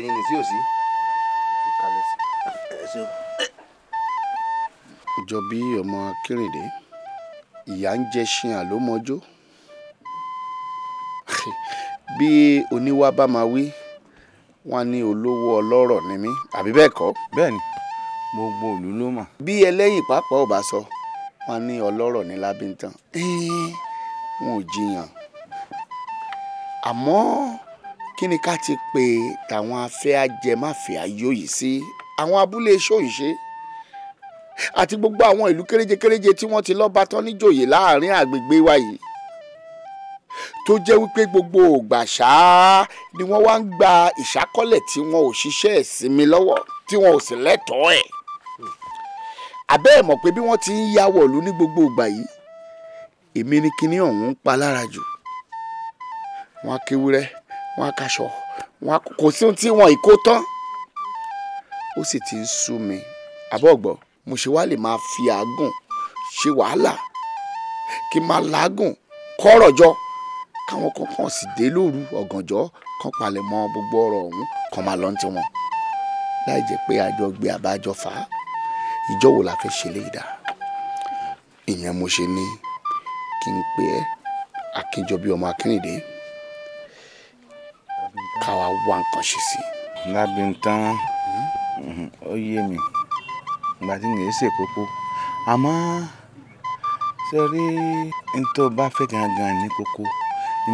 ẹ̀yìn nìsí òsì. jọ bí ọmọ akérèdé ìyá ń jẹ ṣin àlómọjó bí oníwà bá máa wí wọn ní olówó ọlọ́rọ̀ ni mí àbí bẹ́ẹ̀ kọ́. bẹ́ẹ̀ni gbogbo òlú ló mọ̀. bí ẹlẹ́yìn pàápàá ò bá sọ wọn ní ọlọ́rọ̀ ní lábíntan wọn ò jiyàn àmọ́ kí ni ká ti pè tàwọn afẹ́ ajẹmáfẹ́ ayóyè sí àwọn abúlé ṣòyìnṣe àti gbogbo àwọn ìlú kéréje kéréje tí wọ́n ti lọ́ba tán níjòyè láàrin àgbègbè wa yìí tó jẹ́ wípé gbogbo ògbà ṣáá ni wọ́n wá ń gba ìṣákọ́lẹ̀ tí wọn ò ṣiṣẹ́ ìsinmi lọ́wọ́ tí wọn ò sì lẹ́tọ̀ọ́ ẹ̀ àbẹ́ pé bí wọ́n ti ń ya wọ̀lú ní gbogbo ìgbà yìí èmi ni kinní ọ̀hún ń pa lára jù wọ́n á kéwúrẹ́ wọn á kaṣọ wọn kò sí ohun tí wọn ìkó tán ó sì ti ń sú mi àbọ̀gbọ̀ mo ṣe wá lè máa fi àágùn ṣe wàhálà kí n máa làágùn kọ́rọ̀ jọ káwọn kankan sì dé lóru ọ̀gànjọ́ kan palẹ̀ mọ́ gbogbo ọ̀rọ̀ ọ̀hún kan máa lọ ní tiwọn láì jẹ́ pé àjọ gbé àbájọ fà á ìjọ wo la fẹ́ ṣe lè dà ìyẹn mo ṣe ní kí n pè é akínjọbí ọmọ akínrìndé ká wá wá nǹkan ṣe sí. lábẹ́ ń tán hmm? mhm, ó yé mi ìgbà tí nìyẹn ṣe kókó àmọ́ ṣe rí n tó bá fẹ́ gangan ní kókó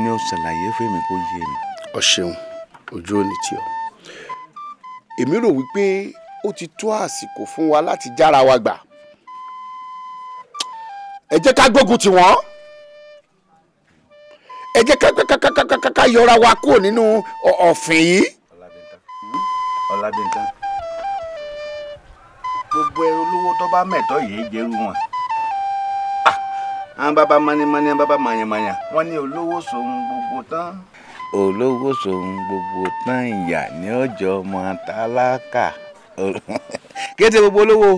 ni ó ṣàlàyé fèmí kó yé mi. o ṣeun ojú ò ní tiọ èmi rò wípé ó ti tó àsìkò fún wa láti jára wa gbà ẹ jẹ́ ká gbógun tiwọn ẹ jẹ́ ká yọra wa kúrò nínú ọ̀fìn yìí. ọ̀làdìntàn gbogbo ẹ olówó tó bá mẹ̀tọ́ yìí jẹ́rú wọn. àwọn bàbá mọ́nìmọ́nì bàbá mọ̀nyàmọ̀nyà wọ́n ní olówó sòun gbogbo tán. olówó sòun gbogbo tán ìyà ní ọjọ́ ọmọ tálákà kéde gbogbo olówó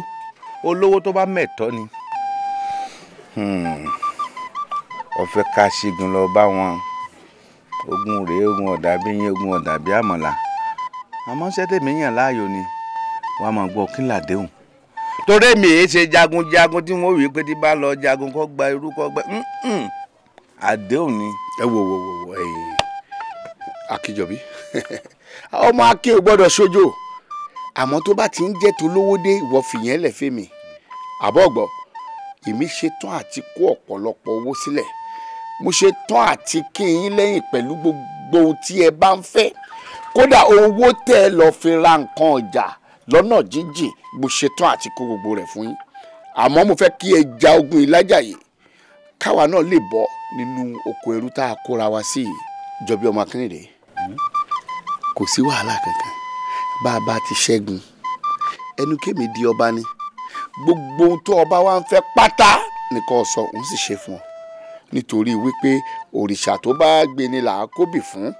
olówó tó bá mẹ̀tọ́ ni. Hmm ọ̀fẹ́ ká ṣígun lọ bá wọn ogun rèé ogun ọ̀dà bí yín ogun ọ̀dà bí àmọ̀là àmọ́ sẹ́tẹ̀mí yàn láàyò ni wàá máa gbọ́ kí làdéhùn torí èmi èé ṣe jagunjagun tí wọ́n wí pé tí bá lọ jagun kọ́ gba irú kọ́ gbẹ àdéhùn ni. ẹ wo wo wo wo ẹ̀yin akíjọbí ọmọ akí ò gbọ́dọ̀ sójó àmọ́ tó bá ti ń jẹ́ tó lówó dé ìwọ fìyẹn lẹ̀ fẹ́mi àbọ̀gbọ̀ èmi ṣetán àti kó ọ̀pọ̀lọpọ̀ owó sílẹ̀ mo ṣe tán àti kí yín lẹ́yìn pẹ̀lú gbogbo ohun tí ẹ bá ń fẹ́ kódà owó tẹ́ ẹ lọ́ọ́ fi ra nǹkan ọjà lọ́nà jíjìn mo ṣe tán àti kó gbogbo rẹ̀ fún yín àmọ́ mo fẹ́ kí ẹ ja ogun ìlàjà yìí káwa náà lè bọ́ nínú oko ẹrú tá a kóra wa sí yìí jọbí ọmọ akínrìnrè kò sí wàhálà kankan bá a bá ti ṣẹ́gun ẹnu kémi di ọba ni gbogbo ohun tó ọba wa ń fẹ́ pátá nìkan sọ òun sì ṣe fún ọ nítorí wípé òrìṣà tó bá gbeni là á kóbì fún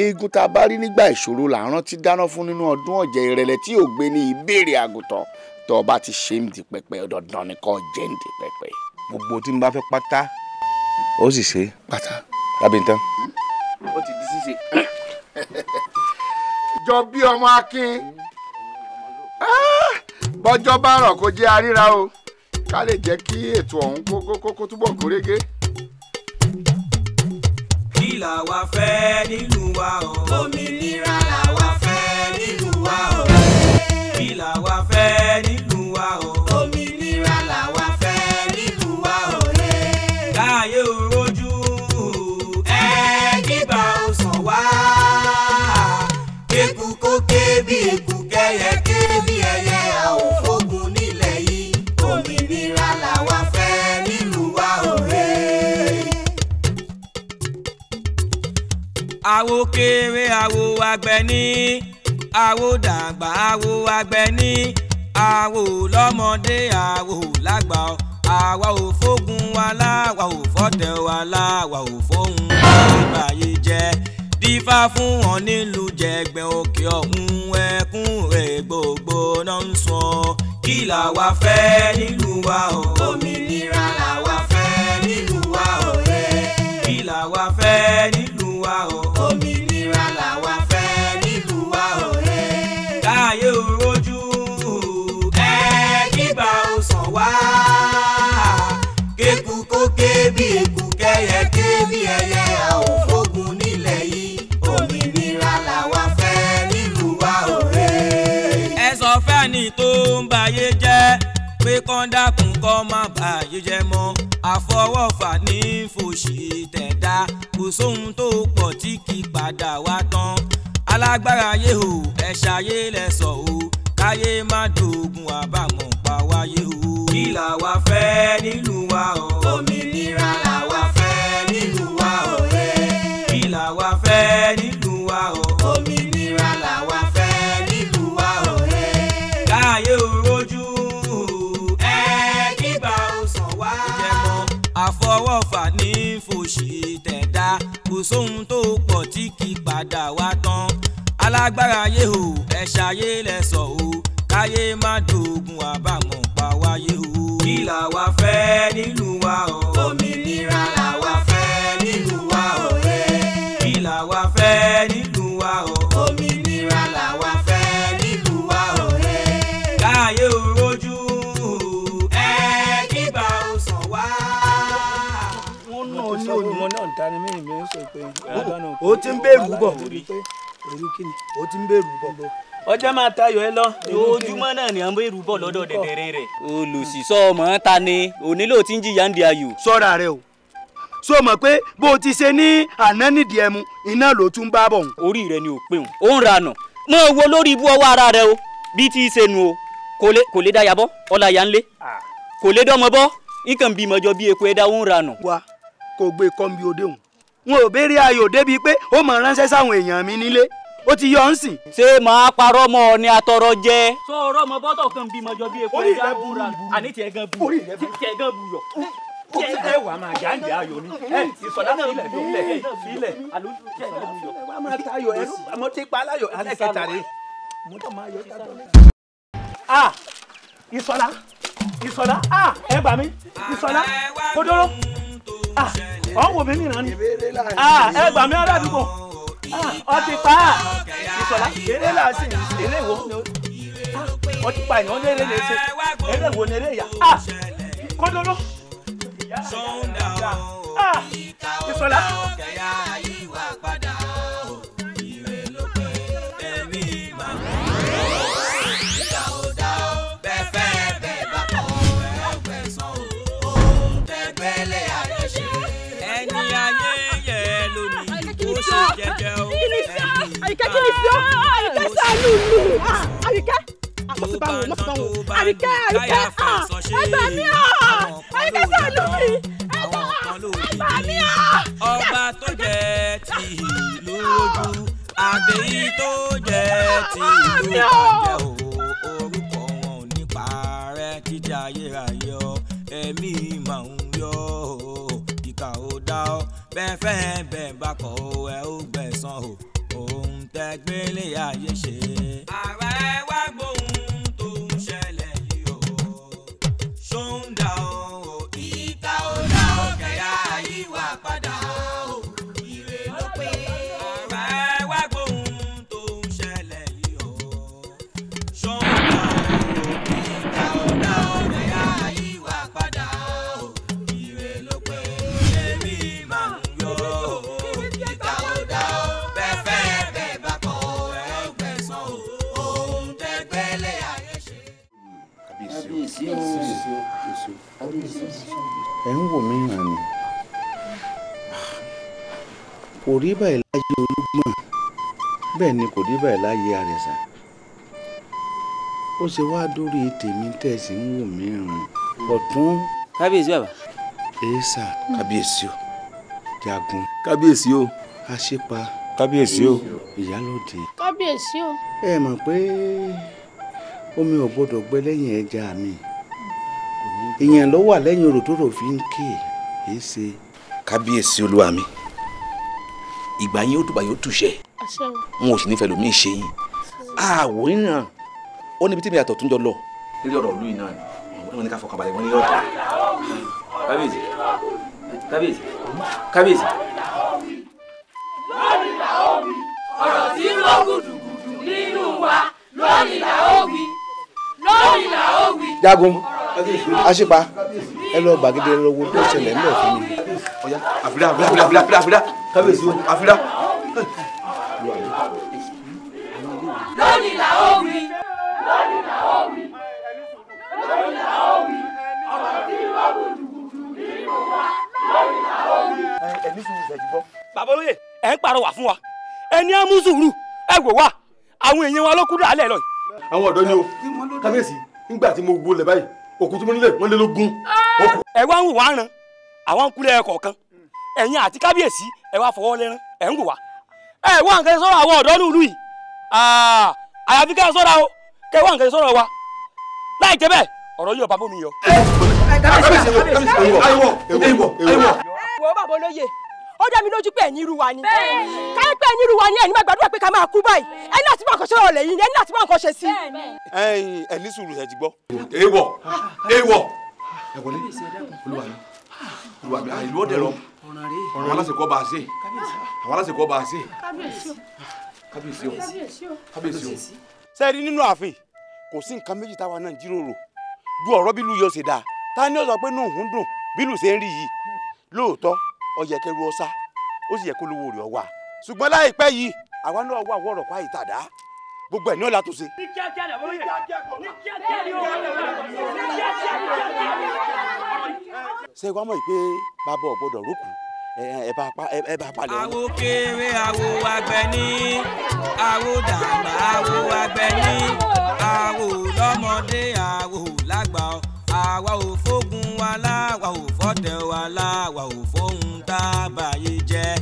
eégún tá a bá rí nígbà ìṣòro là á rántí dáná fún nínú ọdún ọ̀jẹ̀ ìrẹ̀lẹ̀ tí ò gbé ní ìbéèrè àgùntàn tó o bá ti ṣe ń di pẹpẹ dandan ni kò jẹ́ ń di pẹpẹ. gbogbo tí n bá fẹ́ pátá ó sì ṣe. pátá. lábẹ́ nǹkan. ó ti di ṣíṣe. jọ bí ọmọ akin ah! bọ́jọ́ bá rọ̀ kó jẹ́ aríra o ká lè jẹ́ kí ètò ọ̀hún kó túbọ̀ kó régé àlàáfíà làwa fẹ́ nílùú wa o. la wa fẹ́ nílùú wa o. kí wa fẹ́ nílùú wa o. àwo kéré àwo àgbẹ̀ ní àwo dàgbà àwo àgbẹ̀ ní àwo lọ́mọdé àwo lágbà ọ àwa ò fógun wa láwa ò fọ́tẹ̀ wa láwa ò fóhun àgbáyé jẹ́ dífá fún wọn nílùú jẹgbẹ́ òkè ọ̀hún ẹkún rẹ̀ gbogbo náà ń sọ kí làwa fẹ́ nílùú wa o. òmìnira làwa fẹ́ nílùú wa o. kí làwa fẹ́ nílùú wa o. òmìnira làwa fẹ́ nílùú wa o. káyé o rojú ẹ kíbà o sàn wá. kéku kó ké bí eku kẹyẹ ké bí ẹyẹ àwọ̀ fógun nílẹ̀ yìí. òmìnira làwa fẹ́ nílùú wa o. ẹ sọ fẹ́ni tó ń bayé jẹ́ pé kọ́ńdàkùn kọ́ má bàyé jẹ́ mọ́ àfọwọ́fà ní fòṣì tẹ̀dá kò sóhun tó pọ̀ tí kì í padà wá tán alágbára yé o ẹ ṣayé lẹ́sọ̀ o káyé má dogun àbámọ̀ pa wáyé o. kí làwa fẹ́ nílùú wa o. òmìnira làwa fẹ́ nílùú wa o. Eh. kí làwa fẹ́ nílùú. ọ̀fà ní fòṣì tẹ̀dá kò sóhun tó pọ̀ tí kì í padà wá tán alágbára ayé o ẹ ṣayé lẹ́sọ̀ o káyé má dogun àbàmọ̀ pa wáyé o. kí làwa fẹ́ nílùú wa o. òmìnira ta ni mí mi ń sọ pé. o ti ń bẹ̀rù bọ̀. o ti ń bẹ̀rù bọ̀. ọjọ́ máa tayọ̀ ẹ lọ ojúmọ́ náà ni à ń bẹ̀rù bọ̀ lọ́dọ̀ dẹ̀dẹ̀rẹ̀ rẹ̀. olùsísọ́ ọmọ ta ni onílò tí ń jìyà ń di ayò. sọ́ra rẹ o so mọ̀ pé bó o ti ṣe ní àná nídìí ẹmu iná ló tún bá bọ̀. orí rẹ ni ò pé òun. ó ń ranà mọ wo lórí ibú ọwọ́ ara rẹ o bí ti ṣe nu o kò lè dá yabọ́ ọ̀la yà ń lé kò lè dọ́mọ bọ́ nǹkan bímọ jọ bí eku ẹ̀dá ó ń ranà. wa kó o gbé kọ́ńbí òde òun wọn ò béèrè ayò débi pé ó mọ̀ ránṣẹ́ sáwọn èèyàn mi nílé ó ti yọ ọ́ ń sìn. ṣé màá parọ́ mọ́ ọ ní atọ́rọ́ jẹ́. sọ ọ̀rọ̀ ọmọ bọ́tọ̀ kan bímọ jọ bí epo ìyá wúra àní tiẹ̀ gan bu tiẹ̀ gan bu yọ. tiẹ̀ ẹ wà máa jà ń jẹ ayò ni ẹ ìsọ̀dá sílẹ̀ sílẹ̀ sílẹ̀ àlọ́ tiẹ̀ gan bu yọ. wàá máa ta ayò ẹ mo ti pa aláyò alẹ́kẹta rẹ a ìsọ̀dá ìsọ̀dá a ẹ bà mí ìsọ̀dá kódóró. Ah, ọ̀ ń wò mí nìran ni ah, ẹ gbà mí ọ̀rọ̀ àdúgbò ọ ah, ti pa á ìsọ̀lá eré là á sì eré Ah, ọ ti pa èèyàn lérè lè ṣe eré wo ni eré ìyá kódóró ìsọ̀lá. jẹjẹ o. àyíkẹ́ kí ni sí ọ́ àyíkẹ́ sàánú mi àyíkẹ́ àmọ́sibáwo mọ́sibáwo àyíkẹ́ àyíkẹ́ ẹgbẹ́ mi àyíkẹ́ sàánú mi ẹgbẹ́ mi. ọba tó jẹ ti ah! ìlú ojú àbẹ̀yí tó jẹ ah! ti ah! ìlú ọjọ́ oh! o. fẹ́fẹ́ bẹ̀ bá kọ̀ ó ẹ ó gbẹ̀san o òun tẹ́ gbélé ayé ṣe. ààrẹ wá gbóhùn tó ń ṣẹlẹ̀ yìí o ṣóun rí báyìí láyé olúgbọ̀n bẹ́ẹ̀ ni kò rí báyìí láyé àrẹ̀sà ó ṣe wá dórí tèmi tẹ̀sí ń wò mí rìn ọ̀tún. kábíyèsí bàbá. èèṣà kábíyèsí o jagun. kábíyèsí o. aṣípa. kábíyèsí o. ìyálòde. kábíyèsí o. ẹ mọ̀ pé omi ò gbọ́dọ̀ gbẹ lẹ́yìn ẹja mi ìyẹn ló wà lẹ́yìn òrò fi ń ké èé kábíyèsí olúwa mi ìgbà yín ó dùbà yín ó tùṣẹ wọn ò sì nífẹ̀ẹ́ lómi ṣe yín àwò ìran ó níbi tí mi àtọ̀ tún jọ lọ nílé ọ̀rọ̀ ìlú yìí náà ni wọn ní ká fọkàn balẹ̀ ní ọ̀dà. kábíyèsí kábíyèsí kábíyèsí. lónìí la ó wí ọ̀rọ̀ tí ń lọ gùdùgùdù nínú wa lónìí la ó wí lórí là ó wí. jagun aṣípa ẹ lọ gbàgede lọ́wọ́ tó ṣẹlẹ̀ ńlẹ̀ fún mi. ọ̀ya àfìdá àfìdá àfìdá àfìdá àfìdá kábíyèsí o àfìdá. lórí là ó wí. lórí là ó wí. lórí là ó wí. ọ̀rọ̀ tí wọ́n kú dùkùdù nínú wa lórí là ó wí. ẹni sùn ìfẹ̀jú bọ́. bàbá olóye ẹ̀ ń pàrọwà fún wa ẹni á mú sùúrù ẹ wò wá àwọn èèyàn wa ló kúrò àlẹ́ lọ yìí àwọn ọ̀dọ́ ni o kábíyèsí nígbà tí mo wo lẹ̀ báyìí òkú tí mo nílẹ̀ wọ́n lé lógún. ẹ wá ń wò wá ràn àwọn ń kulẹ̀ kọ̀ọ̀kan ẹ̀yin àti kábíyèsí ẹ wá fọwọ́ lẹ́rán ẹ̀ ń wò wá. ẹ wá nǹkan sọ̀rọ̀ àwọn ọ̀dọ́ nílùú yìí àyàfi kẹ́ ẹ sọ̀rọ̀ o kẹ́ ẹ wá nǹkan sọ̀rọ̀ wa láì jẹ́ bẹ́ẹ̀ ọ̀rọ̀ yóò bá bómi yọ. wo bàbá olóye ó dá mi lójú pé ẹ̀yin irú wa tẹ́ nírú wa ní ẹni máa gbàdúrà pé ká máa kú báyìí ẹni láti bá nǹkan ṣe ọ̀lẹ̀ yìí ẹni láti bá nǹkan ṣe sí i. ẹyin ẹni sùúrù ẹ ti gbọ́. èèwọ̀ èèwọ̀. ẹ wọlé olúwa mi olúwa mi ìlú ọdẹ rọ àwọn aláṣẹkọ bá a ṣe àwọn aláṣẹkọ bá a ṣe. kábíyèsí o kábíyèsí o. sẹ́ẹ̀rí nínú ààfin kò sí nǹkan méjì táwa náà jíròrò ju ọ̀rọ̀ bílù yóò ṣe dáa ta ni ó sọ pé nóò ń dùn bílù ṣe ń rí yìí lóòótọ́ ó yẹ kẹrù ọ̀sá ó sì yẹ kó lówó rẹ̀ ọ wà á ṣùgbọ́n láìpẹ́ yìí àwa náà wà wọ̀rọ̀ pa ìtàdá gbogbo ẹ̀ ní ọ̀la tó ṣe. ní kíákíá ni àwọn ṣe wá mọ̀ pé bàbá ọ̀gbọ́dọ̀ rókù ẹ bá pa ẹ bá palẹ̀. àwo kéré àwo àgbẹ̀ àwo dàgbà àwo àgbẹ̀ àwo lọ́mọdé àwo lágbà àwa ò fógun wa láwa ò fọ́tẹ̀ wa láwa ò fóhun tá a báyé jẹ́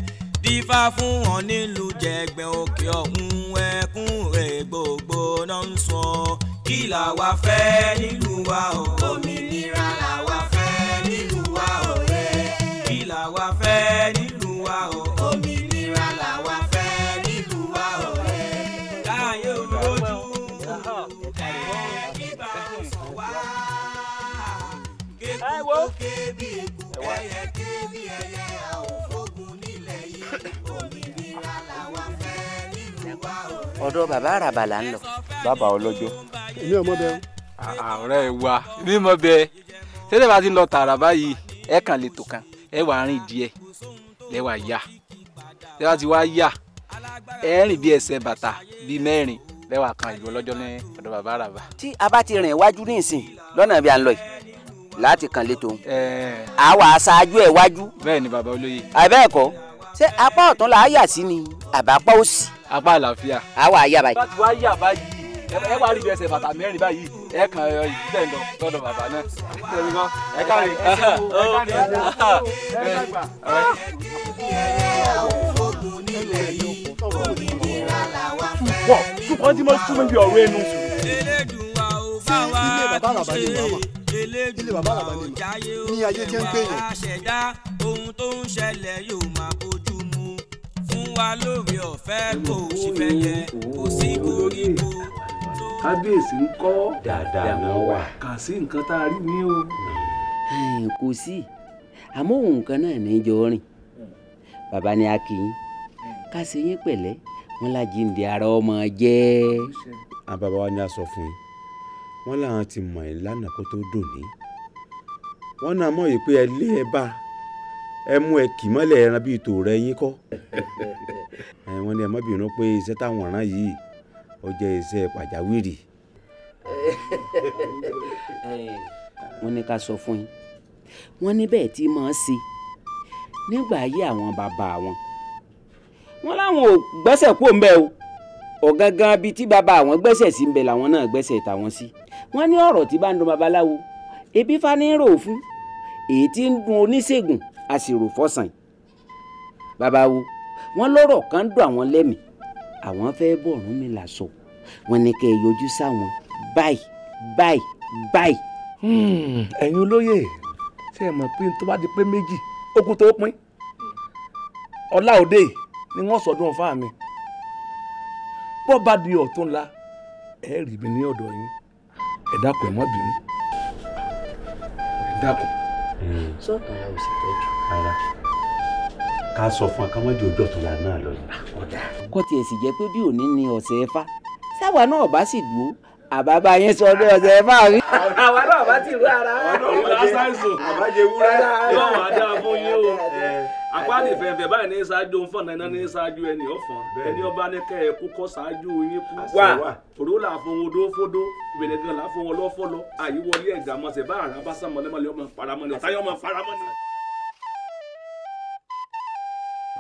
bífá fún wọn nílùú jẹ̀gbẹ́ òkè ọ̀hún ẹkún rẹ̀ gbogbo náà ń sọ kí làwa fẹ́ nílùú wa o. òmìnira làwa fẹ́ nílùú wa o. kí làwa fẹ́ nílùú wa o. òmìnira làwa fẹ́ nílùú wa o. káyé olójú ẹ̀ kíbà sọ wá. kékutókè bí ikú ẹ̀yẹ. ọ̀dọ̀ bàbá àràbà là ń lọ. bàbá ọlọ́jọ́. èmi ò mọ bẹ́ẹ̀. ọ̀rẹ́ wa èmi mọ bẹ́ẹ̀ tẹ́lẹ̀ bá ti ń lọ tààrà báyìí ẹ kàn lè tò kan ẹ wàá rìn díẹ̀ lẹ́wà yá tẹ́lẹ̀ bá ti wá yá ẹ rìn bí ẹsẹ̀ bàtà bíi mẹ́rin lẹ́wà kan ìlú ọlọ́jọ́ ní ọ̀dọ̀ bàbá àràbà. tí a bá ti rìn iwájú ní ìsìn lọ́nà bí a ń lọ yìí láti kàn lè tòun. àwa aṣáájú ẹ̀ wájú. bẹ́ẹ̀ ni bàbá olóye. àbẹ́ẹ̀kọ́ ṣé apá ọ̀tún là á yà sí ni àbápá òsì apá àlàáfíà. àwa àyà báyìí. láti wá yà báyìí ẹ wá rí bí bàtà mẹ́rin báyìí ẹ kàn ẹ ìdílé lọ lọ́dọ̀ bàbá náà ẹ káre ẹ káre ẹ wọ́n ṣùgbọ́n tí mo tún mi ọ̀rọ̀ ẹnu. ilé bàbá àlàbà ni màá wà ilé bàbá àlàbà ni màá ní ayé tí ohun tó ń ṣẹlẹ̀ yóò máa bó fún wa lóore ọ̀fẹ́ kò sì fẹ́ yẹ kò sí koríko. kábíyèsí ń kọ́ dáadáa náà wà. kà sí nǹkan tá a rí ní o. kò sí àmọ́ òun kan náà ní jọ rìn bàbá ni a kì í ká ṣe yín pẹ̀lẹ́ wọn lájíǹde ara ọmọ jẹ́. àwọn wa ni a sọ fún yín wọn làwọn ti mọ̀ ẹ́ lánàá kó tó dòní wọn náà mọ̀ yìí pé ẹ lé ẹ bá a ẹ mú ẹ kì mọ́lẹ̀ ẹran bíi tò rẹ yín kọ́ wọ́n ní ẹ má bínú pé iṣẹ́ táwọn ọ̀ràn yìí ó jẹ́ iṣẹ́ pàjáwìrì. wọ́n ní ká sọ fún yín wọ́n ní bẹ́ẹ̀ tí mọ̀ ọ́ sí nígbà ayé àwọn bàbá wọn wọ́n láwọn ò gbẹ́sẹ̀ kó ń bẹ́ o ọ̀gángan bíi tí bàbá àwọn gbẹ́sẹ̀ sí ń bẹ làwọn náà gbẹ́sẹ̀ tàwọn sí wọ́n ní ọ̀rọ̀ tí bá ń dùn babaláwo ebi fani rò fún èyí tí ń dùn oníṣègùn a sì rò fọ́sàn bàbá wo wọ́n lọ́rọ̀ kan ń dùn àwọn lẹ́mìí àwọn fẹ́ bọ̀rún mi là sọ wọ́n ní kẹ́ ẹ yọjú sáwọn báyìí báyìí báyìí. Hmm. ẹ̀yin olóyè ṣé ẹ mọ̀ pé tó bá di pé méjì ó kú tó pín ọlá òde ni wọ́n sọdún ọ̀fà mi bọ́ bá di ọ̀tún la ẹ rí mi ní ọ̀dọ̀ yín ẹ dákun ẹ mọ́ bínú ẹ dákun. sọ́ọ̀tàn hmm. la ò sì rárá ká sọ fún akámọ́jì ojú ọ̀túnla náà lọ yìí. Ah, kó tiẹ̀ sì jẹ́ pé bí òní ni ọ̀sẹ̀ ẹ̀fà sáwa náà bá sì dúró àbábá yẹn sọ ọdún ọ̀sẹ̀ ẹ̀fà rí. àwa náà bá ti rú ara. ọdún lásàìsàn àbájẹ wúrẹ́ lọ́wọ́ adá fún yín o eh. apáàdì fẹ̀fẹ̀ báyìí ní ṣáájú ń fọ̀n náà iná ní ṣáájú ẹni ọ̀fọ̀n ẹni ọba ní kẹ́ ẹ kú kọ́ ṣáájú yín kú wá òró là fún odó fódó ìbẹ̀rẹ̀ gan là fún ọlọ́fọ́lọ́ àyíwọlé ẹ̀gà mọ̀sẹ̀ bá àrà bá sàmọ́lẹ́mọ́lẹ́ ọmọ faramọ́lẹ́ ọ̀táyọ́ ọmọ faramọ́lẹ́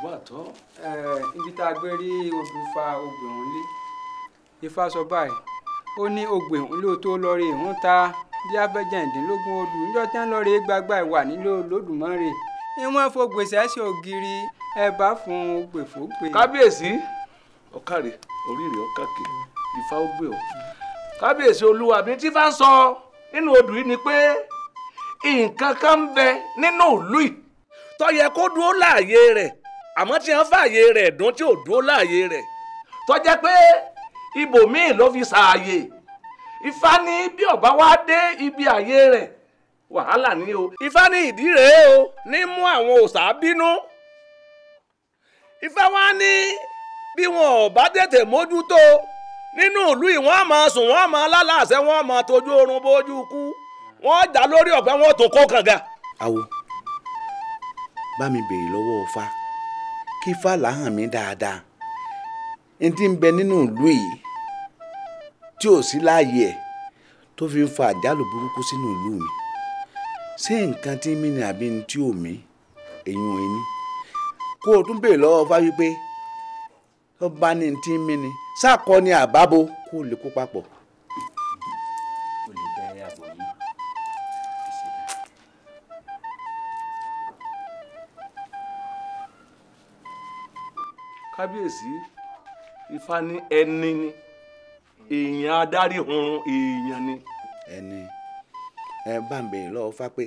àbọ̀ àtọ́. ibi tá a gbé rí ogun fa ogun ọ̀hún lé ifá sọ báyìí ó ní ogun ọ̀hún ló tó lọ rí ìhún ta bí abẹ́jẹ̀dínlógún odù níjọ́ tí wọ́n lọ rí gbagba ìwà nílò lódùmarè ìwọ̀n fògbèsè ẹ̀sìn ògiri ẹ bá fún gbèfógbè. kábíyèsí ọ̀kàrẹ̀ oríire ọ̀kàkè ifá ó gbé ọ kábíyèsí olúwa mi tí fá ń sọ nínú odù yìí ni pé nǹkan kan ń bẹ nínú ìlú yìí tó kó dúró láàyè rẹ̀ àmọ́ tí wọ́n fààyè rẹ̀ dún tí ò dúró láàyè rẹ̀ tó jẹ́ pé ibòmíì ló fi ṣààyè ifá ní bí ọba wá dé ibi ààyè rẹ̀ wàhálà ni o. ifá ní ìdí rèé o ní mú àwọn òòṣà bínú ifá wá ní bí wọn ò bá tètè mójútó nínú ìlú yìí wọ́n máa sùn wọ́n máa lálàsẹ wọ́n máa tójú oorun bójú kú wọ́n dá lórí ọ̀pẹ wọ́n tó kó kànga. àwo bá mi bèrè lọ́wọ́ ọ̀fà kí fàlà hàn mí dáadáa n ti ń bẹ nínú ìlú yìí tí ò sí láàyè ẹ̀ tó fi ń fa àjálù burúkú sínú ìlú mi ṣé nǹkan tí mí ni àbí ní tí ò mí èyí ò ní kó o tún béèrè lọ́wọ́ fáwọn pé tó bá ní tí mí ni sáà kọ́ ni àbábo kó o lè kó papọ̀. kábíyèsí ifá ní ẹni ni èèyàn adarí hunrun èèyàn ni. ẹni ẹ bá ń bèrè lọ́wọ́ fá pé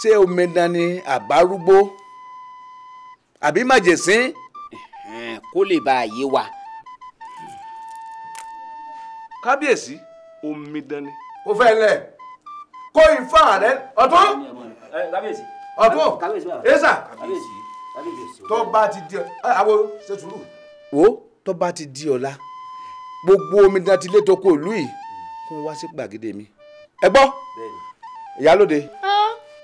ṣé omidan ni àbárúgbó àbí màjèsín. kó lè bá a yé wa. kábíyèsí omidan ni. kò fẹ́ lẹ̀ kó ifá rẹ ọ̀tún ọ̀tún ẹ̀sà tó bá ti di àwọn ṣe wo tó bá ti di ọ̀la gbogbo omidan ti lé toko ìlú yìí kó wá sí gbàgede mi ẹ gbọ́ ìyálóde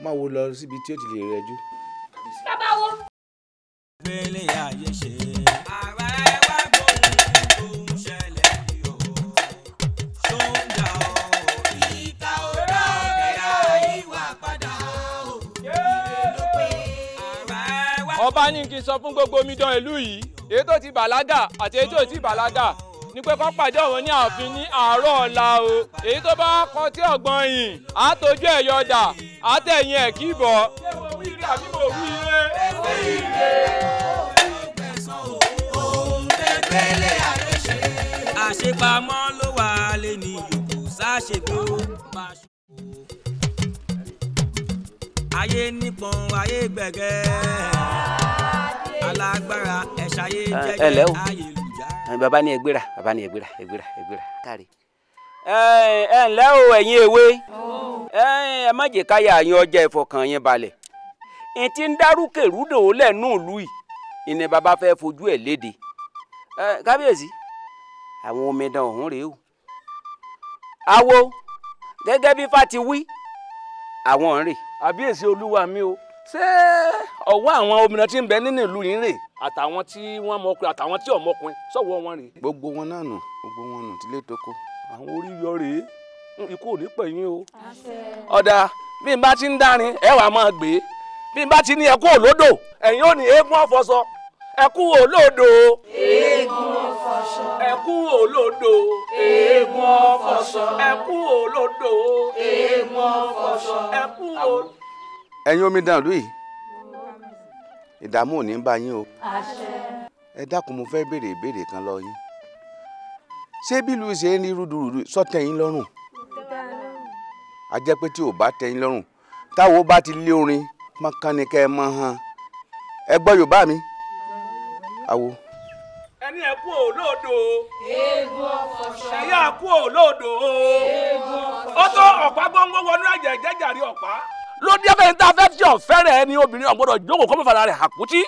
máa wo lọ síbi tí ó ti lè rẹjú. bàbá wo. gbélé ayé ṣe é. bá ní kí n sọ fún gbogbo omidan ìlú yìí èyí tó ti bàlágà àti èyí tó ti bàlágà ní pé kọ́ pàdé ọ̀hún ní ààfin ní àárọ̀ ọ̀la o èyí tó bá kọ tí ọ̀gbọ́n yìí àtòjú ẹ̀ yọ̀dà àtẹ̀yìn ẹ̀ kí bọ̀. àṣepamọ́ ló wà lẹ́nu ìyókù sáṣẹ́gbó máa ayé nípọn ayé gbẹ̀gẹ́ alágbára ẹ̀ṣà ayé jẹ́jẹ́ ayélujára. bàbá ni ẹ gbéra bàbá ni ẹ gbéra ẹ gbéra ẹ gbéra káre ẹ ǹlẹ́ o ẹ̀yin èwe ẹ má jẹ́ káyà yan ọjà ìfọkàn yẹn balẹ̀ n ti ń dárúkèrúdò lẹ́nu ìlú yìí ìní bàbá fẹ́ fojú ẹ̀ léde kábíyèsí àwọn omidan ọ̀hún rèé o awo gẹ́gẹ́ bí fati wí àwọn ń àbíyèsí olúwa mi o ṣé ọwọ́ àwọn obìnrin tí ń bẹ nínú ìlú yìí rè àtàwọn tí wọ́n mọkùnrin àtàwọn tí ọmọkùnrin sọ̀wọ́ wọn rè. gbogbo wọn náà nù gbogbo wọn nù tílé tóko. àwọn orí yọ rèé ikú ò ní pẹ̀yìn o. ọ̀dà bí n bá ti ń dárin ẹ wàá máa gbé bí n bá ti ní ẹ kó ẹ̀yin ò ní eégún ọ̀fọ̀sọ ẹ kú olódo. eégún ọfọṣọ. ẹ kú olódo. eégún ọfọṣọ. ẹ kú olódo. eégún ọfọṣọ. ẹ kú o. ẹ̀yin omi dàlú yìí ìdààmú ò ní bá yín o. ẹ dákun mo fẹ́ béèrè ìbéèrè kan lọ yín ṣé bí ìlú ṣe ń ní rúdurùdu sọ tẹ́yín lọ́rùn a jẹ́ pé tí ò bá tẹ́yín lọ́rùn táwo bá ti lé orin mọ́kànnì kẹ́ ẹ mọ hàn ẹ gbọ́ yorùbá mi. awo. ẹni ẹ kú olódo. eégún ọkọ ṣá. ẹyà kú olódo. eégún ọkọ ṣá. ó tó ọ̀pá gbọ́ngbọ́n wọnú ẹ̀jẹ̀ jẹ́jàre ọ̀pá. ló dé abẹ́yẹn tá a fẹ́ tí ọ̀fẹ́ rẹ̀ ni obìnrin ọ̀gbọ́dọ̀ jókòó kọ́mọ́fà rẹ̀ àkútí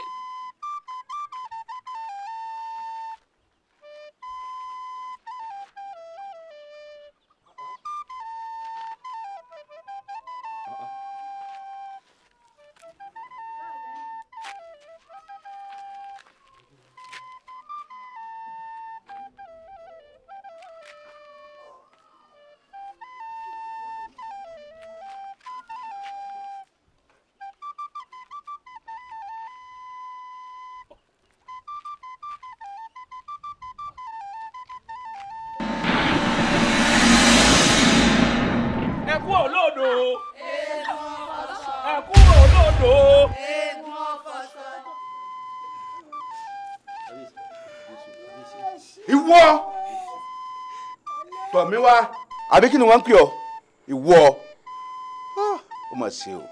wa àbí kí ni wọ́n ń pè ọ́ ìwọ ah, ó mà ṣe o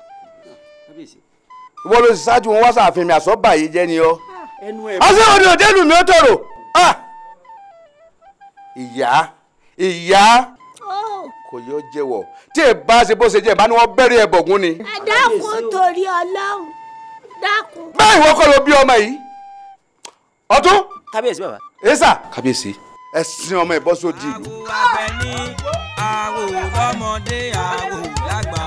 ìwọ ló sì ṣáájú wọn wá sàfin mi àsọ báyìí jẹ ni ọ. ọsẹ ah, òde òde lù mí ó tòrò ah! ìyá ìyá oh. kò yọ jẹ́wọ́ tí ẹ bá ṣe bó ṣe jẹ ìbá ni wọn bẹ̀rẹ̀ ẹbọgún ni. dákun torí Ọlọ́run dákun. báyìí wọ́n kọ́ ló bí ọmọ yìí ọtún. kábíyèsí bàbá. èsà. kábíyèsí ẹ sin ọmọ ìbọ́ sódì ìlú. àwọ̀ abẹ́ni àwọ̀ ọmọdé àwọ̀ lágbà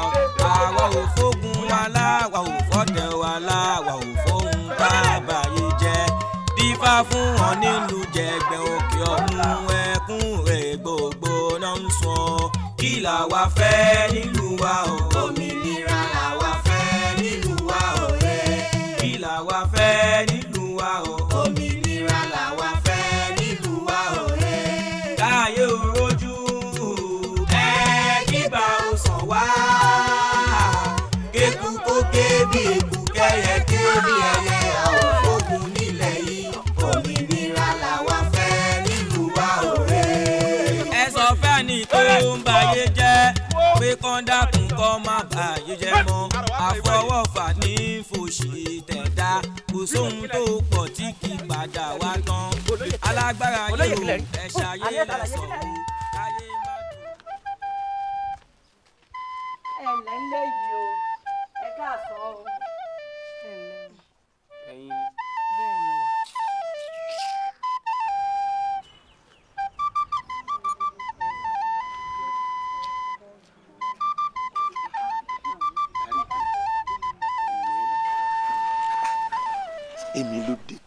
àwọ̀ òfógun wa láwà òfọ́tẹ̀ wa láwà òfóhun bàbá yìí jẹ́ bífá fún wọn nílùú jẹgbẹ́ òkè ọ̀hún ẹkún rẹ̀ gbogbo náà ń sọ kí làwa fẹ́ nílùú wa o. pé kán dákun kọ́ má bàyè jẹ́ mọ́ àfọwọ́fà ní fòṣì tẹ̀dá kò sóhun tó pọ̀ tí kì í padà wá tán alágbára yìí ò ẹ̀ ṣayé lẹ́sọ̀ yìí o.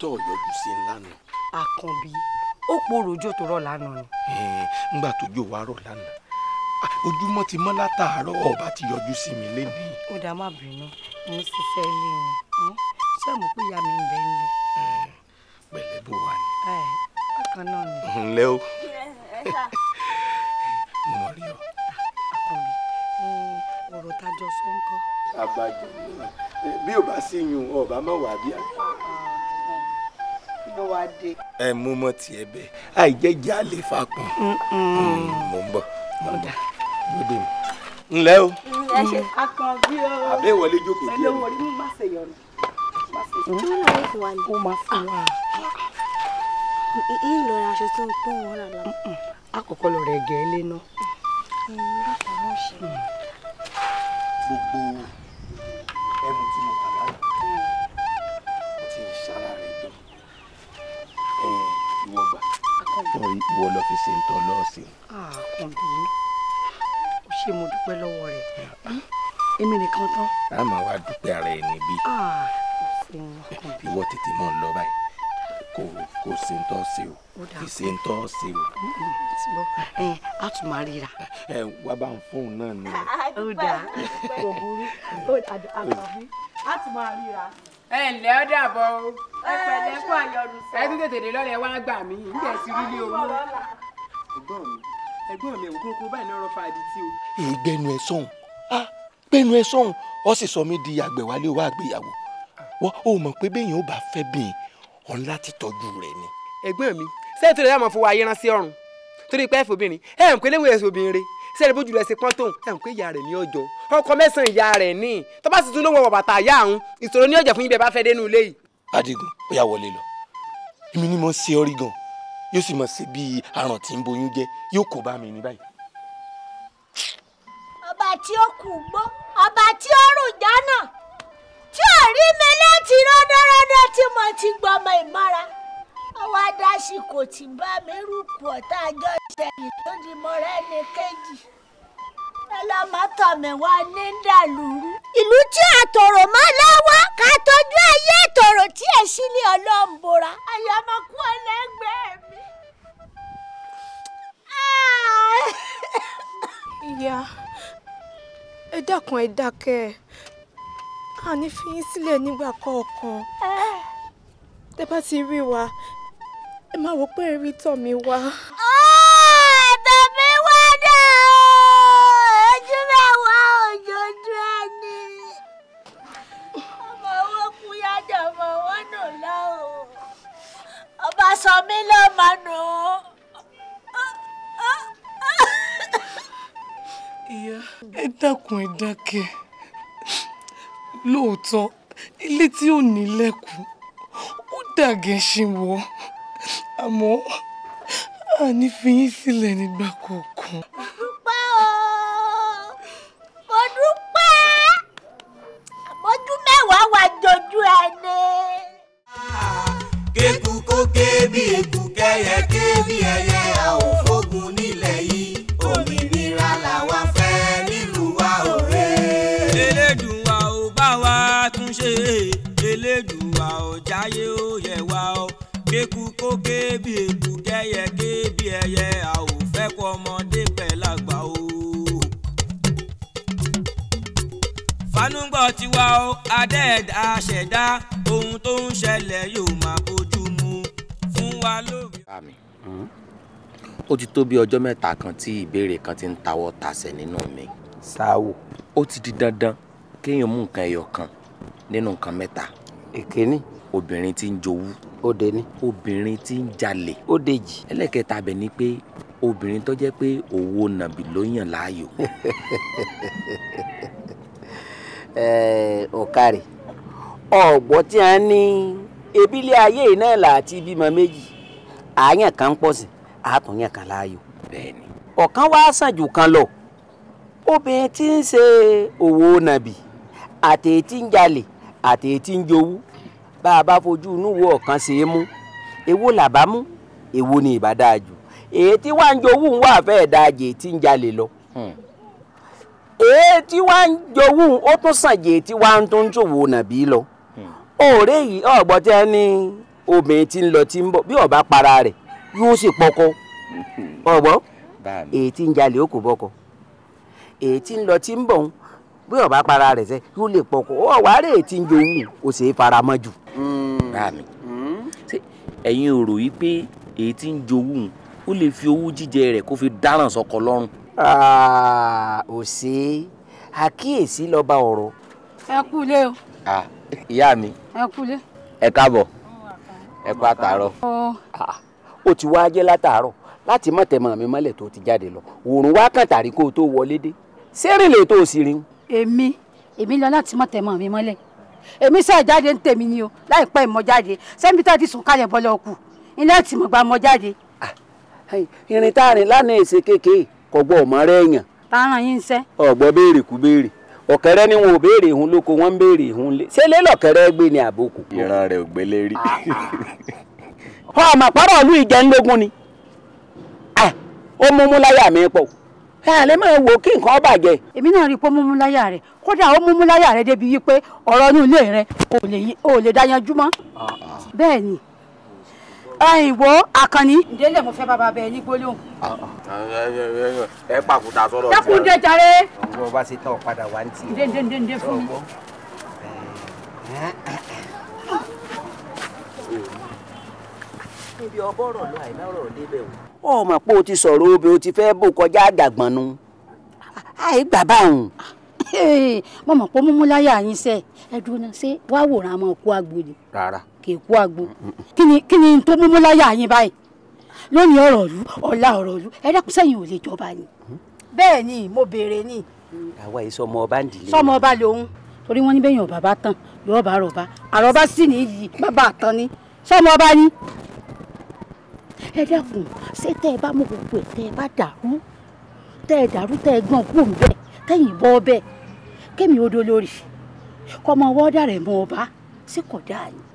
tó yọjú sí lánàá. àkànbí ó poròjó tó rọ lánàá ni. tó wa rọ lánàá ojúmọ́ ti mọ́ látàárọ̀ ọba ti yọjú sí mi lénìí. ó dáa má bínú mo ń ṣiṣẹ́ ilé mi ṣé pé ìyá mi ń bẹ ní. bákan náà ni. ǹlẹ́ o mo o ló wá dé. ẹ mú mọ tiẹ bẹ àìjẹjẹ àlè fapọn mm, mò ń bọ̀ mò ń bọ̀ lóde mi. ǹlẹ́ o. ẹ ṣe akàn bí o. àbẹ́ ìwọlé jókòó díẹ̀. ẹlẹ́wọ̀n rí mú má ṣe yọrù. ó máa fún wa. yìí lọ ra aṣọ tó ń pọ́n wọn lára. àkọ́kọ́ lọ rẹ̀ gẹ́ lé náà. Mm, gbogbo ẹmu fún ìwọ lọ fi ṣe ìtọ́ lọ́ọ̀sì. àkànbí ó ṣe mo dúpẹ́ lọ́wọ́ rẹ̀ èmi nìkan tán. a máa wá dúpẹ́ ara ẹni bí. ìwọ tètè mọ̀ ń lọ báyìí kò kò ṣe ń sí o kì í ṣe ń tọ́ sí o. a tún máa ríra. ẹ wá bá ń fóun náà ni. ó dáa kò burú àkànbí a tún máa ríra ẹ ǹlẹ́ ó dàbọ̀ o ẹ pẹ̀lẹ́ kó àyọ̀dù sọ ẹ tún tètè dé lọ́rẹ̀ wá gbà mí ń tẹ̀ sí rí lé owó. ẹ̀gbọ́n mi ẹ̀gbọ́n mi ẹ̀wọ̀n kúrúkúrú báyìí ní ọ̀rọ̀ fa àdìtì o. ìgbẹ́nu ẹ sọ̀hún ah gbẹ́nu ẹ sọ̀hún ọ sì sọ mí di àgbẹ̀wálé wa àgbéyàwó wọ́n ò mọ̀ pé bẹ́yìn ó bá fẹ́ bẹ́yìn ọ̀n láti tọ́jú rẹ̀ ni. ẹ̀gbọ́n mi sẹ́ẹ̀tì rẹ̀ yà máa fowó ayé rán sí ọ̀run torí pé ẹ̀fọ́ obìnrin ẹ̀ ń pélé wo ẹ̀sùn obìnrin sẹ́ẹ̀rì bójú lẹ̀ ṣe pọ́n tóun ẹ̀ ń pé ìyá rẹ̀ ní ọjọ́ ọkọ mẹ́sàn-án ìyá rẹ̀ ní tó bá sì tún lóun ọ̀wọ̀ bàtà yá àwọn ìṣòro ní ọjà fún ibẹ̀ bá fẹ́ dénú ilé yìí. Adigun ó yà wọlé lọ èmi ni mo ń ṣe ọrí gan yóò sì mọ̀ ṣe bíi àrùn tí ń boyún jẹ́ yóò kó bá mi ní báyìí. ọba tí ó kù gbó ọba tí ó rùn jánà tí ò rí mi láti rọ́dọ́rọ́dọ́ tí mo ti gbọmọ ìmọ̀ra ọwọ́ adásí kò tí bá mi rúkú ọ̀tá ṣẹ̀yìn tó di mọ́rẹ́ ní kejì ọlọ́mọtọ̀mí wa ní dàlúrú. ìlú tí àtòrò máa lọ́wọ́ ká tọ́jú ayé àtòrò tí ẹ̀ sílé ọlọ́mbora. àyàmọ̀kú ọlẹ́gbẹ̀ẹ́ mi. ìyá ẹ dákun ẹ dákẹ́ ẹ àní fi yín sílẹ̀ nígbà kọ̀ọ̀kan tẹ bá ti rí wa ẹ máa wò pé ẹ rí tọ̀ mi wá. dákun ẹ dákẹ́ lóòótọ́ ilé tí ò nílẹ̀kùn ó dàgẹ́ ṣe wọ́ àmọ́ àní fi yín sílẹ̀ nígbà kọ̀ọ̀kan. tiwa o adẹ́ẹ̀dá ṣẹ̀dá ohun tó ń ṣẹlẹ̀ yóò máa bójú mu fún wa lórí. àmì ó ti tó bí ọjọ́ mẹ́ta kan tí ìbéèrè kan ti ń tawọ́ tasẹ̀ nínú mi. sáwò. ó ti di dandan kéèyàn mú nǹkan ẹyọ kan nínú nǹkan mẹ́ta. èkéní. obìnrin tí ń jowú. ó de ní. obìnrin tí ń jalè. ó de jì. ẹlẹ́kẹta bẹ̀ ni pé obìnrin tó jẹ́ pé òwò nàbì ló yàn láàyò. ọ̀kàrè eh, ọ̀gbọ́ tí a ní ebílẹ̀ ayé náà láti bímọ méjì àáyàn kan ń pọ̀ sí àtúnyàn kan láàyò. bẹ́ẹ̀ni. ọ̀kan wá sàn jù kan lọ obìnrin tí ń ṣe òwò nàbì àti ń jalè àti ń jowú bá a bá fojú inú wo ọ̀kan ṣe é mú èwo làbá mú èwo ni ìbá dáa jù èyí tí wàá ń jowú ń wà fẹ́ẹ̀ dáa jù tí ń jalè lọ. Hmm. èyí tí wá ń jowú ó tún sàn jẹ́ tí wá ń tún jòwó nàbí lọ òòrè hmm. yìí ọ̀gbọ́n tẹ́ ni obìnrin tí ń lọ tí ń bọ̀ bí ọba para rẹ yóò sì pọkọ ọ̀gbọ́n hmm. èyí tí ń jalè ó kò bọ́kọ èyí tí ń lọ tí ń bọ̀ bí ọba para rẹ sẹ yóò lè pọkọ ọ̀ wá rè tí ń jowú ó sì fara mọ́ jù. Hmm. ẹ̀yin ò rò yí pé èyí tí ń jowú ó lè fi owó jíjẹ rẹ̀ kó fi dáràn sọ́kọ lọ́rùn. Ah, osi. Ha ki esi lo ba oro. E ku o. Ah, iya mi. E ku le. E ka bo. E pa taro. Oh. O ti wa je lataro. Lati mo temo mi mo to ti jade lo. Orun wa kan tari ko to wole de. Se rin le to si Emi. Emi lo lati mo temo mi mo le. Emi se jade n temi ni o. Lai pa mo jade. Se mi ta ti sun kale bo lo Ni lati mo jade. ese keke. kọgbọ́ ọ̀mọ́ rẹ̀ èèyàn. tààrà yín sẹ́. ọgbọ béèrè kú béèrè ni wọn ò béèrè ìhun lóko wọn ń béèrè ìhun lé ṣé lé lọ̀kẹ́rẹ́ gbé ni ìran ò gbélé rí. ni ó láyà mi ẹ máa wò kí nǹkan bàjẹ́. èmi náà rí i pé ó láyà kódà ó láyà débi wípé ọ̀rọ̀ inú ilé ò ìwọ Àkànní. ìdílé mo fẹ́ bàbá bẹ̀ yín gbólóhùn. Ah, ah. ẹ pàkúta sọ̀rọ̀ tí a. dẹ́kun dé jàre. ọgbọ́n bá ṣe tán padà wá ní ti. ǹdẹ́ ǹdẹ́ ǹdẹ́ ǹdẹ́ fún mi. níbi ọbọ̀rọ̀ lọ àìlárọ̀ débẹ̀ o. ó mọ̀ pé o ti sọ̀rọ̀ obì o ti fẹ́ bò kọjá àdàgbọ̀n nu àì gbà báwọn. mo mọ̀ pé mímú láyà yín sẹ́ ẹ dúró náà ṣé wàá wòran àmọ́ ọkọ àgbòdì. rárá kì í kú àgbo kí ni tó múmú láyà yín báyìí lónìí ọ̀rọ̀ ìlú ọ̀la ọ̀rọ̀ ìlú ẹ dákun sẹ́yìn ò lè jọba ni. bẹ́ẹ̀ ni mo béèrè ni. àwa yìí sọmọ ọba ń dìlé. sọmọ ọba lòun torí wọn ní bẹ́yìn ọba bá tán yóò bá rọba àròbá sì ní yìí bàbá àtàn ni sọmọ ọba ni. ẹ dákun ṣé tẹ ẹ bá mú gbogbo ẹ tẹ ẹ bá dàrú tẹ ẹ dàrú tẹ ẹ gbọn kú òun bẹ́ẹ̀ kẹyìn bọ ọbẹ kémi odolórí kọmọ wọdà rẹ mọ ọba sí kọdà yìí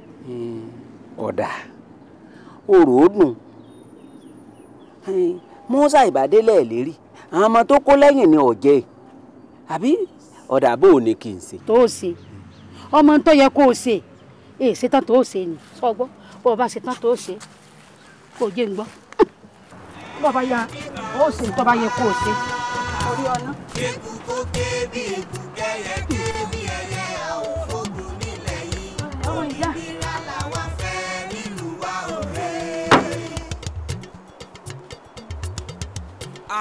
ọ̀dà òrò ó dùn mọ́sá ìbádélẹ̀ lérí àwọn ọmọ tó kó lẹ́yìn ni ọ̀jẹ̀ àbí ọ̀dà bò ní kì í ṣe. tó o ṣe ọmọ tó yẹ kó o ṣe èè ṣetán tó o ṣe ni sọgbọ́ bó o bá ṣetán tó o ṣe kó o jẹ́ ń gbọ́ bó o bá yà ó ṣe tó bá yẹ kó o ṣe orí ọ̀nà. kéku kó ké bí eku